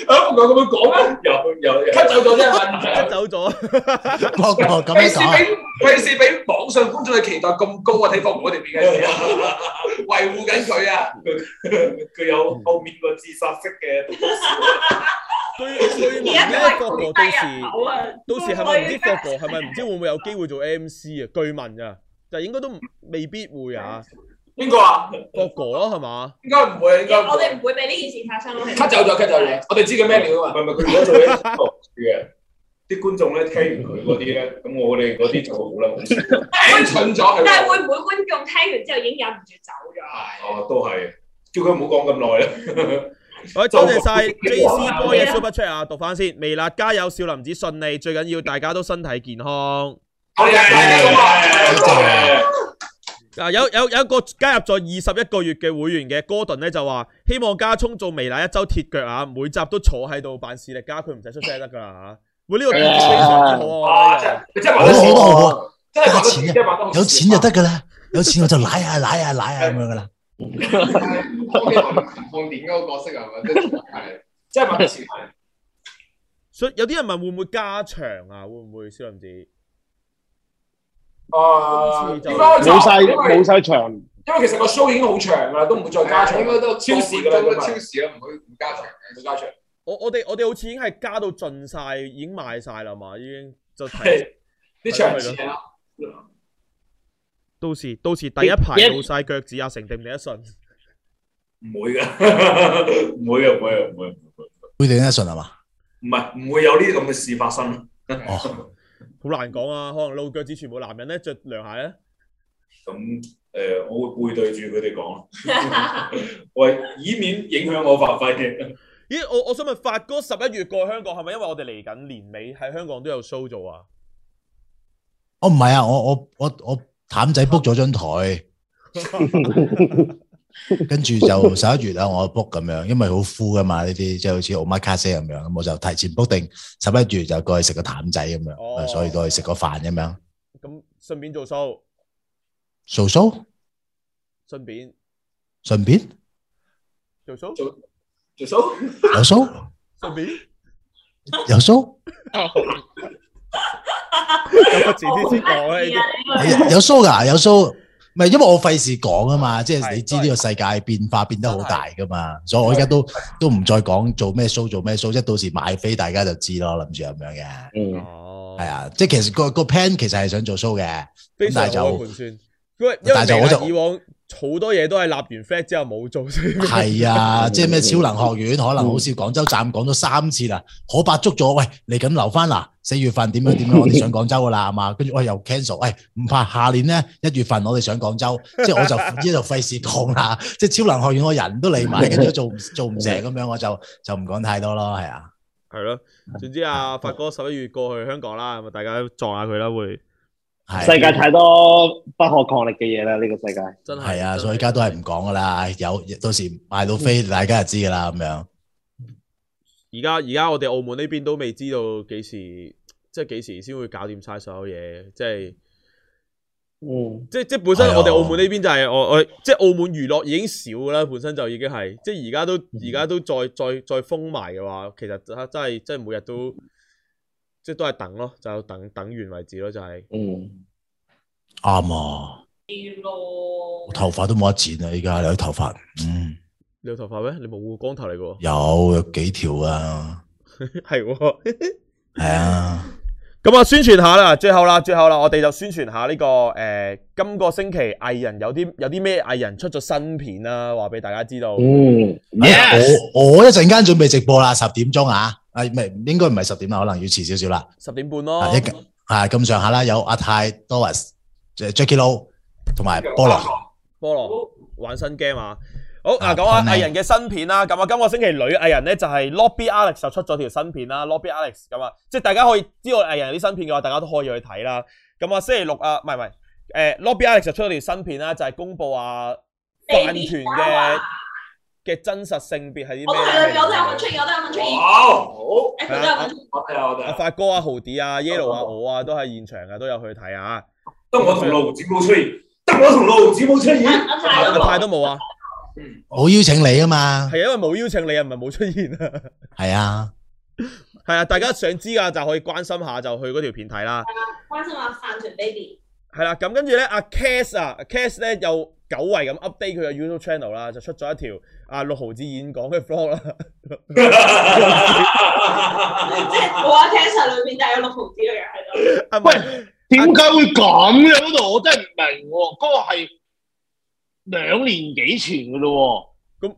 咁樣咁樣講啊，又又咳走咗啫，咳 走咗。費事俾費事俾網上觀眾嘅期待咁高啊！睇法唔好定點解？維護緊佢啊，佢佢、啊、有後面個自殺式嘅。據聞呢個哥哥到時、啊、到時係咪唔知哥哥係咪唔知會唔會有機會做 MC 啊？據聞啊，但應該都未必會啊。邊個啊？個哥咯係嘛？應該唔會，應該我哋唔會俾呢件事發生咯。cut 走咗，cut 走你。我哋知佢咩料啊？唔係佢如果做啲啲觀眾咧聽完佢嗰啲咧，咁我哋嗰啲就好啦。蠢咗，但係會唔會觀眾聽完之後已經忍唔住走咗？係，哦，都係，叫佢唔好講咁耐啦。好，多謝晒 JC Boy，嘅 Super Chat 啊！讀翻先，微辣加油，笑林寺順利，最緊要大家都身體健康。好嘅，多謝。嗱有有有一個加入咗二十一個月嘅會員嘅哥頓咧就話希望加蔥做微辣一周鐵腳啊，每集都坐喺度辦視力，加佢唔使出聲得噶啦吓，每、啊、呢個點都唉、啊啊、好真係，好啊，有錢就得噶啦，有錢我就奶啊奶 啊奶啊咁樣噶啦，當年半點嗰個角色係咪，即係所以喘喘 有啲人問會唔會加長啊，會唔會笑林寺？啊！冇晒，冇晒場。因為其實個 show 已經好長噶啦，都唔會再加長，都都超時噶啦，超時啦，唔可以加長，唔加長。我我哋我哋好似已經係加到盡晒，已經賣晒啦嘛，已經就睇啲場。到時到時第一排冇晒腳趾，阿成定唔李一順？唔會噶，唔會噶，唔會噶，唔會。會李一順係嘛？唔係，唔會有呢啲咁嘅事發生。好難講啊，可能露腳趾全部男人咧着涼鞋咧。咁誒、嗯呃，我會背對住佢哋講，喂， 以免影響我發揮嘅。咦、欸，我我想問發哥十一月過香港係咪因為我哋嚟緊年尾喺香港都有 show 做、哦、啊？我唔係啊，我我我我坦仔 book 咗張台 跟住就十一月啊，我 book 咁樣，因為好 full 噶嘛，呢啲，即係好似奧馬卡西咁樣，我就提前 book 定十一月就過去食個譚仔咁樣，所以過去食個飯咁樣。咁順便做 show，show show？順便？順便？有 show？有 show？有 show？順便？有 show？咁我遲啲先講。有 show 噶，有 show。唔係，因為我費事講啊嘛，即係你知呢個世界變化變得好大噶嘛，所以我而家都都唔再講做咩 show 做咩 show，即係到時買飛大家就知咯，諗住咁樣嘅。哦、嗯，係啊，即係其實個個 plan 其實係想做 show 嘅，但係就算，但係就我就以往。好多嘢都係立完 flag 之後冇做，係啊，即係咩超能學院可能好似廣州站講咗三次啦，可白捉咗喂，你咁留翻嗱，四月份點樣點樣我哋上廣州噶啦，係嘛？跟住我又 cancel，喂，唔怕，下年咧一月份我哋上廣州，即係我就依度費事講啦，即係超能學院我人都嚟埋，跟住做做唔成咁樣，我就就唔講太多咯，係啊，係咯，總之阿發哥十一月過去香港啦，咁啊大家撞下佢啦會。世界太多不可抗力嘅嘢啦，呢個世界 真係。係啊，所以而家都係唔講噶啦，有到時買到飛，大家就知噶啦咁樣。而家而家我哋澳門呢邊都未知道幾時，即係幾時先會搞掂晒所有嘢，即係，嗯，即即本身我哋澳門呢邊就係我我，即係澳門娛樂已經少啦，本身就已經係，即係而家都而家都再再再封埋嘅話，其實真真係真係每日都。即係都係等咯，就等等完為止咯，就係。嗯。啱啊。係咯。我頭髮都冇得剪啊！依家你有頭髮？嗯。你有頭髮咩、嗯？你冇光頭嚟嘅。有有幾條啊？係。係啊。咁 啊， 宣傳下啦，最後啦，最後啦，我哋就宣傳下呢、這個誒、呃，今個星期藝人有啲有啲咩藝人出咗新片啊，話俾大家知道。嗯。嗯啊、我我,我,我一陣間準,準,准備直播啦，十點鐘啊。誒，咪應該唔係十點啦，可能要遲少少啦。十點半咯，係咁上下啦，有阿泰多維斯啊，Jacky Lou 同埋菠蘿，菠蘿、啊、玩新 game 啊！好啊，講下藝人嘅新片啦。咁啊，今個星期女藝人咧就係 Lobby Alex 就出咗條新片啦。Lobby Alex 咁啊，即 係樂大家可以知道藝人啲新片嘅話，大家都可以去睇啦。咁啊，星期六啊，唔係唔係，誒、呃、，Lobby Alex 就出咗條新片啦，就係、是、公布啊飯團嘅。嘅真實性別係啲咩？我都係，我都有出現，我都有出現。好，好。阿發哥、阿豪 Dee 啊、Yelo 啊、我啊，都係現場啊，都有去睇啊。得我同路子冇出現，得我同路子冇出現，阿泰都冇啊。我邀請你啊嘛。係因為冇邀請你啊，唔係冇出現啊。係啊，係啊，大家想知啊，就可以關心下，就去嗰條片睇啦。關心下，飯團 baby。係啦，咁跟住呢，阿 case 啊，case 呢又。久違咁 update 佢嘅 YouTube channel 啦，就出咗一條阿、啊、六毫子演講嘅 Vlog 啦。即係我聽成裏邊，就有六毫子嘅嘢喺度。喂，點解會咁樣嗰、啊、度？我真係唔明、啊。嗰、那個係兩年幾前噶啦、啊，咁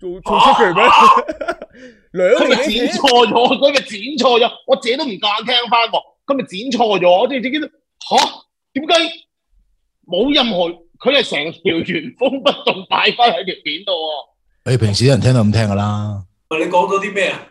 做做出嚟咩？兩、 啊、 年 剪錯咗，咁、那、咪、個、剪錯咗？我自己都唔夠膽聽翻喎、啊。咁咪剪錯咗？我哋自己都吓？點解冇任何？佢係成條原封不動擺翻喺條片度、啊。你平時啲人聽到咁聽噶啦。你講咗啲咩啊？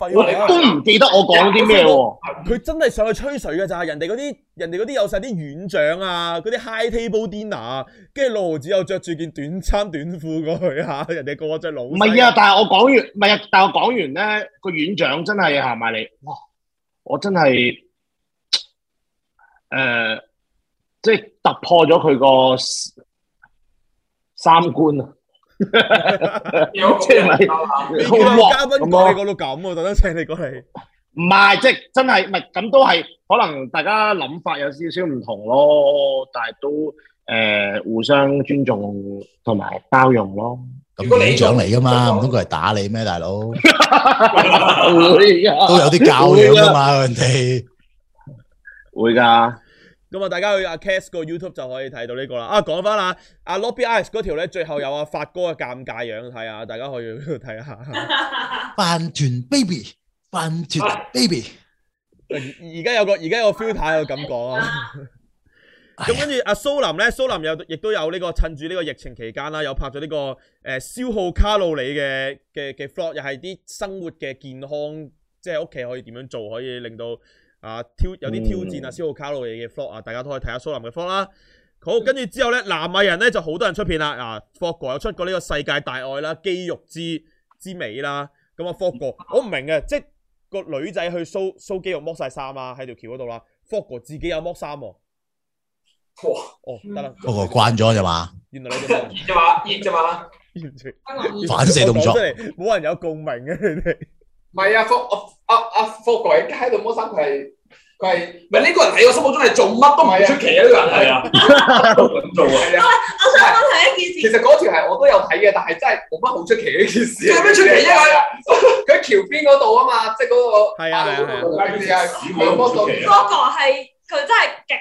我都唔記得我講啲咩。佢真係上去吹水噶咋。人哋嗰啲人哋嗰啲有晒啲院長啊，嗰啲 high table dinner，跟住路只有着住件短衫短褲過去吓、啊。人哋個隻佬唔係啊，啊！但係我講完，唔係啊！但係我講完咧，個院長真係行埋嚟？哇！我真係誒。呃即係突破咗佢個三觀啊！即係咪？嘉賓，咁你講到咁啊？特登請你過嚟。唔係，即係真係唔係咁，都係可能大家諗法有少少唔同咯。但係都誒、呃、互相尊重同埋包容咯。咁你獎嚟噶嘛？唔通佢係打你咩，大佬？會噶。都有啲教養噶嘛，人哋會噶。咁啊，大家去阿 Cast 個 YouTube 就可以睇到呢個啦。啊，講翻啦，阿 Lobby Ice 嗰條咧，最後有阿發哥嘅尷尬樣睇下，大家可以睇下。扮 團 Baby，扮團 Baby。而家有個而家有個 feel，有感覺啊。咁跟住阿蘇林咧，蘇林，蘇林有亦都有呢、這個趁住呢個疫情期間啦，有拍咗呢、這個誒、呃、消耗卡路里嘅嘅嘅 vlog，又係啲生活嘅健康，即係屋企可以點樣做，可以令到。啊挑，有啲挑戰啊，消耗卡路里嘅 vlog 啊，大家都可以睇下蘇林嘅 vlog 啦。好，跟住之後咧，男藝人咧就好多人出片啦。啊，flog 哥有出過呢個世界大愛啦，肌肉之之美啦。咁啊，flog 哥，我唔明嘅，即係個女仔去 show show 肌肉剝晒衫啊，喺條橋嗰度啦。flog 哥自己有剝衫喎。哇！哦，得啦，不過關咗啫嘛。原來你熱啫 來反射動作。冇人有共鳴嘅，你哋。唔係啊，霍阿阿霍哥喺度摸衫，佢係佢係，唔係，呢個人喺我心目中係做乜都唔出奇啊！呢個人係啊，都穩做啊！我想問佢一件事。其實嗰條係我都有睇嘅，但係真係冇乜好出奇呢件事。咩出奇啊！佢佢橋邊嗰度啊嘛，即係嗰個係啊係啊。佢摸到，霍哥係佢真係極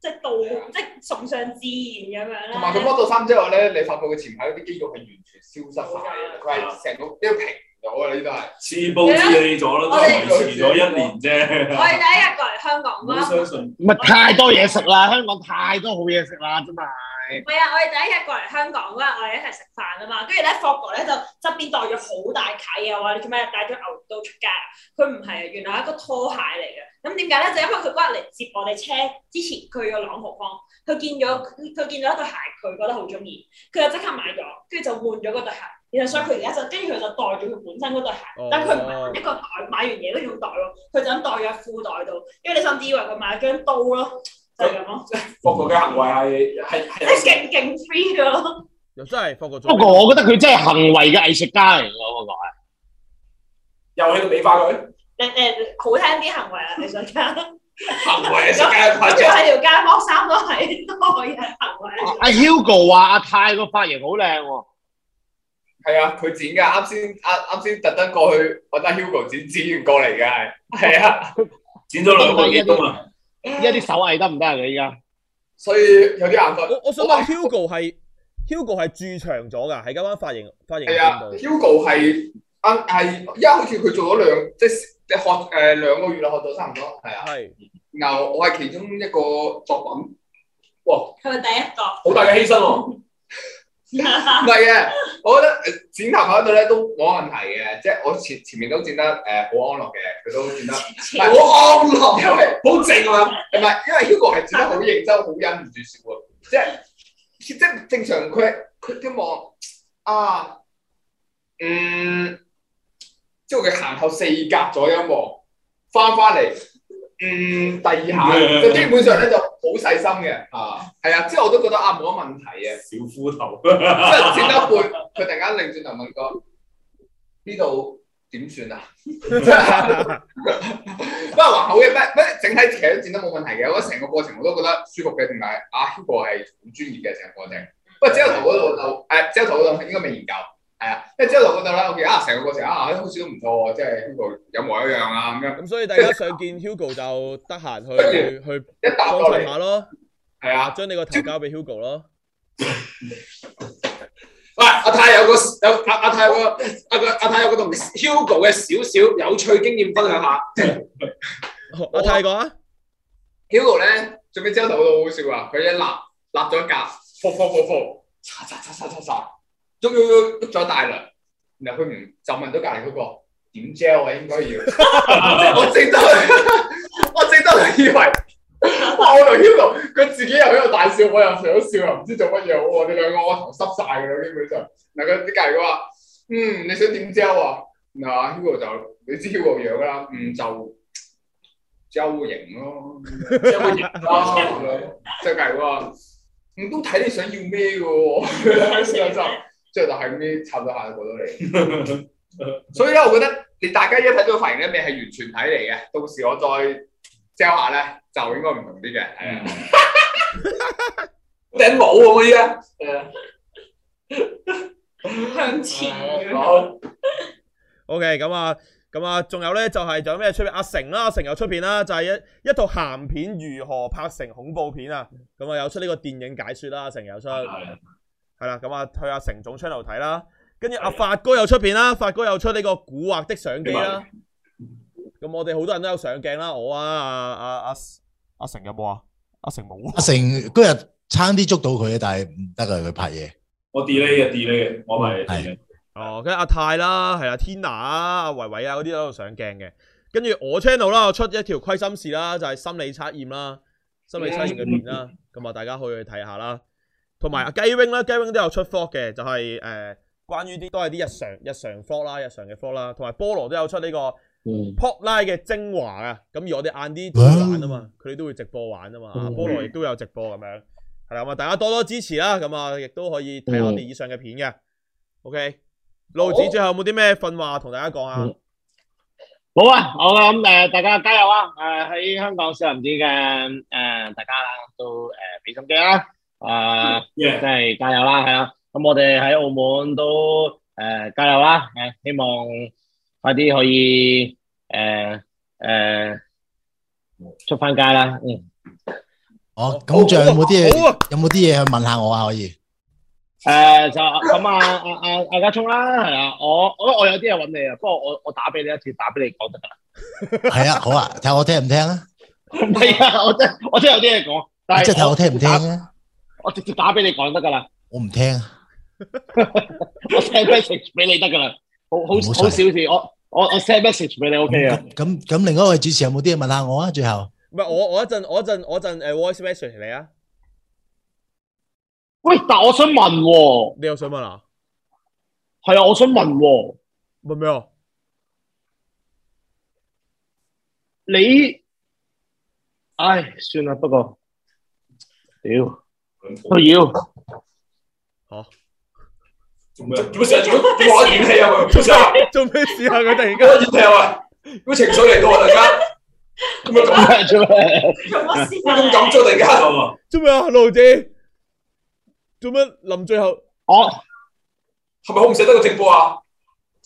即係道即係崇尚自然咁樣啦。同埋佢摸到衫之後咧，你發覺佢前排嗰啲肌肉係完全消失晒，係成個呢個皮。有啊，呢個係黐布黐你咗啦，都維持咗一年啫。我哋第一日過嚟香港，我 相信唔係太多嘢食啦，香港太多好嘢食啦真係。唔係啊，我哋第一日過嚟香港啦，我哋一齊食飯啊嘛。跟住咧，霍哥咧就側邊袋咗好大契嘅話，你做咩帶咗牛到出街？佢唔係原來係一個拖鞋嚟嘅。咁點解咧？就因為佢嗰日嚟接我哋車之前，佢個朗豪坊，佢見咗佢見咗一對鞋，佢覺得好中意，佢就即刻買咗，跟住就換咗嗰對鞋。其實所以佢而家就跟住佢就袋住佢本身嗰對鞋，oh、yeah. 但佢唔係一個袋，買完嘢都要袋咯，佢就咁袋咗褲袋度，因為你甚至以、so、that, is, is, is 為佢買咗張刀咯，就係咁咯。即係法國嘅行為係係係勁勁 free 噶，又真係法國。不過我覺得佢真係行為嘅藝術家嚟，我話又喺度美化佢。誒誒，好聽啲行為啊，你想聽？行為藝術家，喺條街毛衫都係都可以係行為。阿 Hugo 話阿泰個髮型好靚。係啊，佢剪噶，啱先啱啱先特登過去揾阿 Hugo 剪剪完過嚟嘅，係。係 啊，剪咗兩個月啊嘛。依家啲手藝得唔得啊？佢依家。所以有啲眼瞓。我想問 Hugo 係 Hugo 係駐長咗㗎，係今晚髮型髮型喺度。係啊，Hugo 係啊係，依家好似佢做咗兩即係學誒兩個月啦，學到差唔多，係啊。係的。牛，我係其中一個作品。哇！係咪第一個？好大嘅犧牲喎、啊！唔係嘅，我覺得剪頭髮嗰度咧都冇問題嘅，即係我前前面都剪得誒好、呃、安樂嘅，佢都剪得好安樂，因為好正啊，唔係因為呢 u g 係剪得好認真，好忍唔住笑啊，即係即正常佢佢一望啊，嗯，即係佢行後四格左右望翻翻嚟。嗯，第二下，佢、嗯、基本上咧就好細心嘅，啊係啊，之後我都覺得啊冇乜問題嘅。小禿頭，即係剪得背。佢突然間擰轉頭問個呢度點算啊？不過還好嘅，咩咩整體斜都剪得冇問題嘅，我成個過程我都覺得舒服嘅，定係啊呢個係好專業嘅成個過程。不過只有頭嗰度就誒焦頭嗰度應該未研究。係啊，即係之後落嗰度啦，我見啊成個過程啊，好似都唔錯喎，即係 Hugo 有模有樣啊咁樣。咁所以大家想見 Hugo 就得閒去 去幫襯下咯。係啊，將你個頭交俾 Hugo 咯。 喂，阿泰有個有阿阿泰個阿阿泰有個同 Hugo 嘅少少有趣經驗分享下。 阿泰講啊。Hugo 咧做咩？之後都好好笑啊！佢一立立咗一格，伏伏伏伏，擦擦擦擦擦擦。火火火碌碌碌咗大量，然後佢明就問咗隔籬嗰個點膠啊，應該要 我正得，我正得嚟以為、啊、我同 Yelo 佢自己又喺度大笑，我又想笑，又唔知做乜嘢好。你哋兩個個頭濕晒噶啦，基本上嗱佢啲隔籬話，嗯，你想點膠啊？嗱、啊、Yelo 就你知 Yelo 樣啦，唔、嗯、就膠型咯，膠型啊，即係佢話唔都睇你想要咩噶喎， 就。即係就係咁啲，插咗下，就冇咗你。所以咧，我覺得你大家一睇到髮型咧，未係完全睇嚟嘅。到時我再遮下咧，就應該唔同啲嘅。係啊，頂帽啊嘛依家。向前、 okay。好。O K，咁啊，咁啊，仲有咧就係仲有咩出邊阿成啦，阿成又出片啦，就係、是、一一套鹹片如何拍成恐怖片啊？咁啊，有出呢個電影解說啦，阿成又出、 嗯。係啦，咁啊去阿成總 channel 睇啦，跟住阿發哥又出片啦，發哥又出呢個古惑的相機啦。咁麼我哋好多人都有上鏡啦，我啊阿阿阿阿成有冇啊？阿成冇。阿成嗰日差啲捉到佢啊，但係唔得啊，佢拍嘢。我 delay 嘅 delay 嘅，我咪係。哦，跟住阿泰啦，係啊，天娜啊，阿維維啊嗰啲喺度上鏡嘅，跟住我 channel 啦，我出一條虧心事啦，就係、是、心理測驗啦，心理測驗嘅片啦，咁啊、嗯、大家可以去睇下啦。同埋啊雞 wing 啦雞 wing 都有出 vlog 嘅，就係、是、誒、呃、關於啲都係啲日常日常 vlog 啦，日常嘅 vlog 啦，同埋菠蘿都有出呢個 pop line 嘅精華啊，咁而我哋晏啲玩啊嘛，佢哋、嗯、都會直播玩啊嘛，嗯、菠蘿亦都有直播咁樣，係啦咁啊大家多多支持啦，咁啊亦都可以睇我哋以上嘅片嘅、嗯、，OK，路子最後有冇啲咩訓話同好大家講啊？嗯、好啊，我諗誒、呃、大家加油啊！誒、呃、喺香港少人知笑林寺嘅誒，大家啦，都誒俾心機啦～誒，即係加油啦，係 modeling 啦，well uh。咁我哋喺澳門都誒加油啦，誒希望快啲可以誒誒出翻街啦。嗯 哦，咁仲有冇啲嘢？有冇啲嘢問下我啊？可以。誒，就咁啊，阿阿阿家聰啦，係啊。我我我有啲嘢搵你啊。不過我我打俾你一次，打俾你講得啦。係啊，好啊，睇我聽唔聽啊。唔係啊，我真我真有啲嘢講，但係即係睇我聽唔聽啊。我直接打俾你講得噶啦，我唔聽，我 send message 俾你得噶啦，好好好小事，我我我 send message 俾你，OK 啊？咁咁，另外一位主持有冇啲嘢問下我啊？最後唔係我我一陣我陣我陣誒，voice message 嚟啊！喂，但我想問，你又想問啊？係啊，我想問，問咩啊？你唉，算啦，不過屌。我要，吓，做咩？做咩事啊？做咩？點解演戲啊？做咩？做咩事啊？佢突然間演戲啊？佢情緒嚟到啊！突然間，做咩咁啊？做咩？做咩事啊？咁做突然間係嘛？做咩啊？盧姐，做咩臨最後？我係咪好唔捨得個直播啊？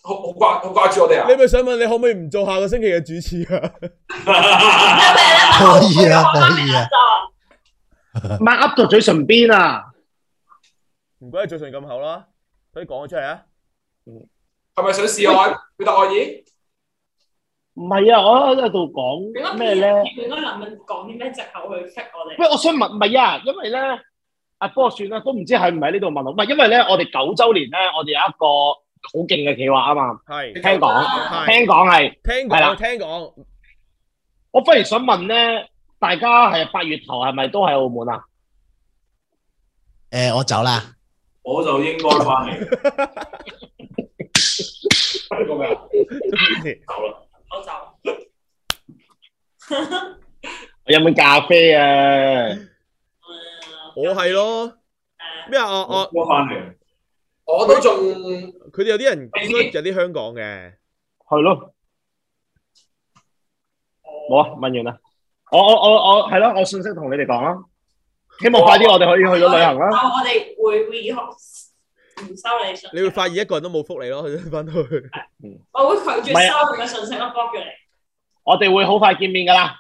好，好掛，好掛住我哋啊？你咪想問你可唔可以唔做下個星期嘅主持啊？可以啊，可以啊。咪噏到嘴唇邊啊！唔該，你嘴唇咁厚咯，可以講咗出嚟啊？係咪想試下表達愛意？唔係啊，我喺度講咩咧？你應該諗緊講啲咩借口去識我哋？唔係，我想問，唔係啊，因為咧，阿波算啦，都唔知係唔係呢度問我。唔係，因為咧，我哋九周年咧，我哋有一個好勁嘅企劃啊嘛。係，聽講，聽講係，聽講，聽講。我忽然想問咧。大家係八月頭係咪都喺澳門啊？誒，我走啦。我就應該翻嚟。講咩啊？走啦。我走。我飲唔飲咖啡啊？我係咯。咩啊？我我翻嚟。我都仲，佢哋有啲人，應該有啲香港嘅。係咯。好啊！問完啦。我我我我係咯，我信息同你哋講啦，希望快啲我哋可以去到旅行啦、哦。我哋會 r e e a s 唔收你信。你會發現一個人都冇覆你咯，翻去。嗯、我會拒絕收佢嘅信息咯 block 住你。啊啊、我哋會好快見面噶啦。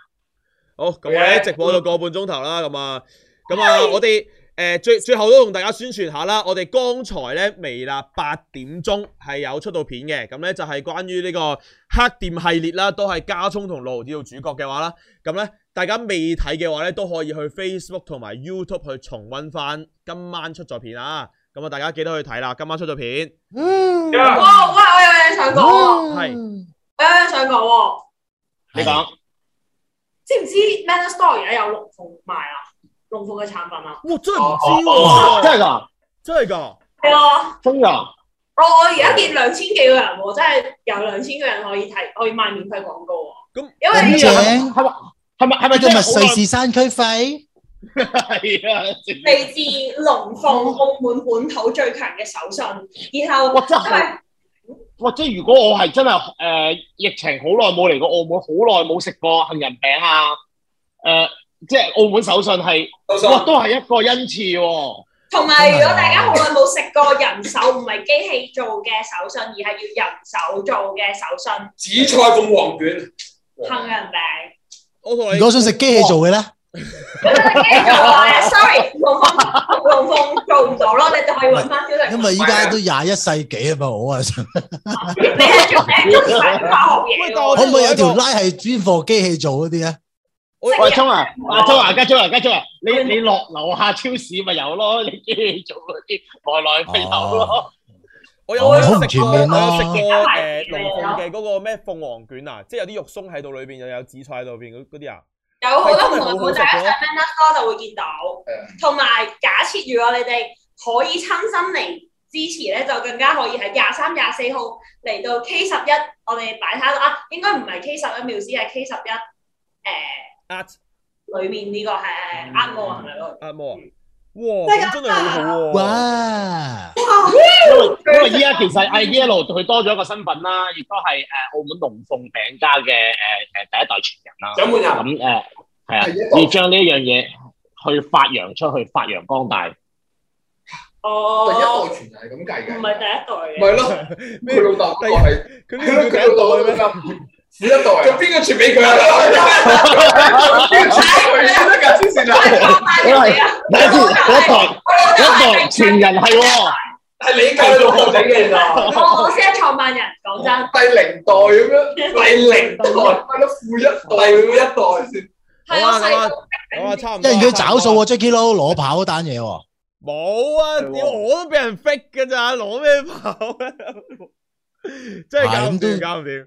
好，咁我哋直播到個半鐘頭啦，咁啊的，咁啊，我哋。誒，最最後都同大家宣傳下啦，我哋剛才咧微啦八點鐘係有出到片嘅，咁咧就係關於呢個黑店系列啦，都係加蔥同盧子為主角嘅話啦，咁咧大家未睇嘅話咧都可以去 Facebook 同埋 YouTube 去重温翻今晚出咗片啊，咁啊大家記得去睇啦，今晚出咗片。嗯，嗯哇，我有嘢想講，係、嗯，我有嘢想講喎，你講。知唔知 Manner Store 而家有六鳳賣啊？龍鳳嘅產品啊！我真係唔知喎，真係噶，真係噶，係啊，真噶！我而家見兩千幾個人喎，真係有兩千個人可以睇，可以賣免費廣告啊！咁，咁正係咪係咪係咪叫咪瑞士山區費？係 啊，嚟、啊、自龍鳳澳門本土最強嘅手信，然後或者，係，我即係，如果我係真係誒、呃，疫情好耐冇嚟過澳門，好耐冇食過杏仁餅啊，誒、呃。即係澳門手信係，哇，都係一個恩賜喎。同埋，如果大家好耐冇食過人手唔係機器做嘅手信，而係要人手做嘅手信，紫菜鳳凰卷、杏仁餅。如果想食機器做嘅咧，sorry，龍鳳龍鳳做唔到囉，你就可以揾翻小玲。因為依家都廿一世紀啊嘛，我啊想。你係做化學嘢？可唔可以有條拉係專放機器做嗰啲咧？我阿聰啊，阿聰啊，啊，家聰啊，家聰啊，你你落樓下超市咪有咯，你做嗰啲外來味道咯。我有我有食過，我食過誒，龍鳳嘅嗰個咩鳳凰卷啊，即係有啲肉鬆喺度裏邊，又有，有紫菜喺度邊嗰嗰啲啊。有，真係好食。喺上面多就會見到，同埋假設如果你哋可以親身嚟支持咧，就更加可以喺廿三廿四號嚟到 K 十一，我哋擺攤啊，應該唔係 K 十一廟市，係 K 十一誒。at 裏面呢個係啱啱啊，啱啱哇，真係好好哇！哇！因為依家其實阿 Yelo 佢多咗一個身份啦，亦都係誒澳門龍鳳餅家嘅誒誒第一代傳人啦。掌門人咁誒係啊，要將呢一樣嘢去發揚出去，發揚光大。哦，第一代傳人係咁計嘅，唔係第一代，唔係囉咩？佢老豆嗰個係佢老豆咩？幾多代？咁邊個傳俾佢啊？要拆佢先得噶，知唔知啊？唔係，唔係，我代，我代，傳人係喎。係你計老古仔嘅咋？我我先係創辦人，講真。第零代咁樣，第零代，第富一代，咁一代先。係啊，我話差唔多。一要找數喎，Jacky Lou 攞跑嗰單嘢喎。冇啊！我都俾人 fake 噶咋？攞咩跑？真係搞唔掂，搞唔掂。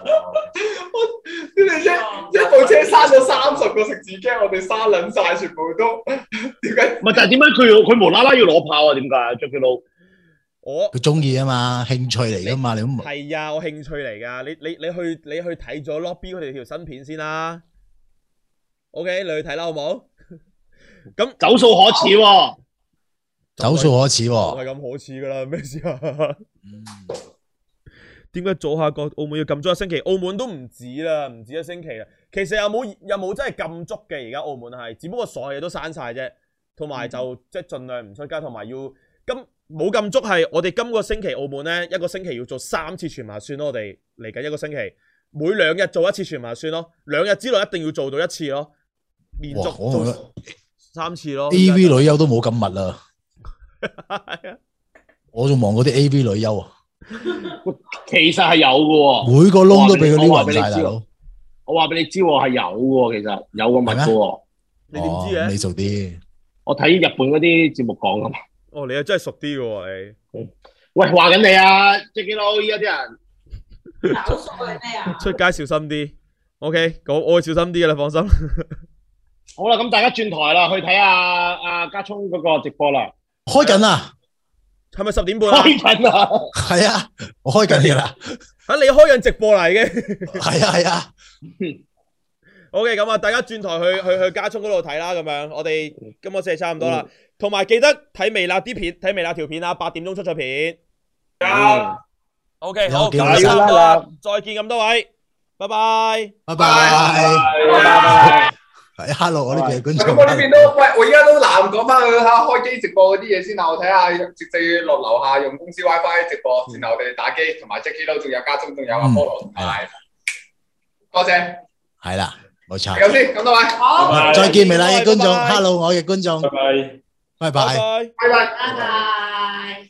我啲部一部車生咗三十個食紙巾，我哋生捻晒，全部都點解？唔係， 但係點解佢佢無啦啦要攞炮啊？點解啊 Jacky Lou 我佢中意啊嘛，興趣嚟噶嘛，你都唔係呀，我興趣嚟噶，你你你，你去你去睇咗 Lobby 佢哋條新片先啦。OK，你去睇啦，好冇？咁 那走數可恥喎，走數可恥喎，係咁 可恥噶啦，咩事啊？嗯點解早下個澳門要禁足一星期？澳門都唔止啦，唔止一星期啦。其實又冇又冇真係禁足嘅，而家澳門係，只不過所有嘢都刪晒啫。同埋就即係盡量唔出街，同埋要今冇禁足係。我哋今個星期澳門咧，一個星期要做三次全民核酸，我哋嚟緊一個星期，每兩日做一次全民核酸咯，兩日之內一定要做到一次咯，連續三次咯。A.V. 女優都冇咁密啊！我仲忙嗰啲 A.V. 女優啊！ 其實係有嘅，每個窿都俾佢窿你知,爸我你知。我話俾嗎你知，係有嘅，其實有個物嘅。你點知嘅？你熟啲？我睇日本嗰啲節目講噶嘛。哦，你又真係熟啲嘅。哦、喂，話緊你啊 Jacky Lou 依家啲人 出街小心啲。OK，我我會小心啲嘅啦，放心。好啦，咁大家轉台啦，去睇下阿加蔥嗰個直播啦。開緊啊！係咪十點半啊？開緊啊！係啊，我開緊嘢啦。吓，你開緊直播嚟嘅？係啊，係啊。O K，咁啊，大家轉台去去去加蔥嗰度睇啦。咁樣，我哋今個星期差唔多啦。同埋記得睇微辣啲片，睇微辣條片啊。八點鐘出咗片。O K，好，再見啦。再見咁多位，拜拜，拜拜。hello 我呢邊嘅觀眾，咁我呢邊都，喂，我依家都難講翻去吓開機直播嗰啲嘢先啦，我睇下直接落樓下，樓下用公司 wifi 直播，然後我哋打機，同埋 Jacky 都仲有家中仲有阿 Paul，係，多謝，係啦，冇錯，咁先，咁多位，好！Bye bye, 再見，未嘅 bye bye, 觀眾，hello 我嘅觀眾，拜拜，拜拜，拜拜，拜拜。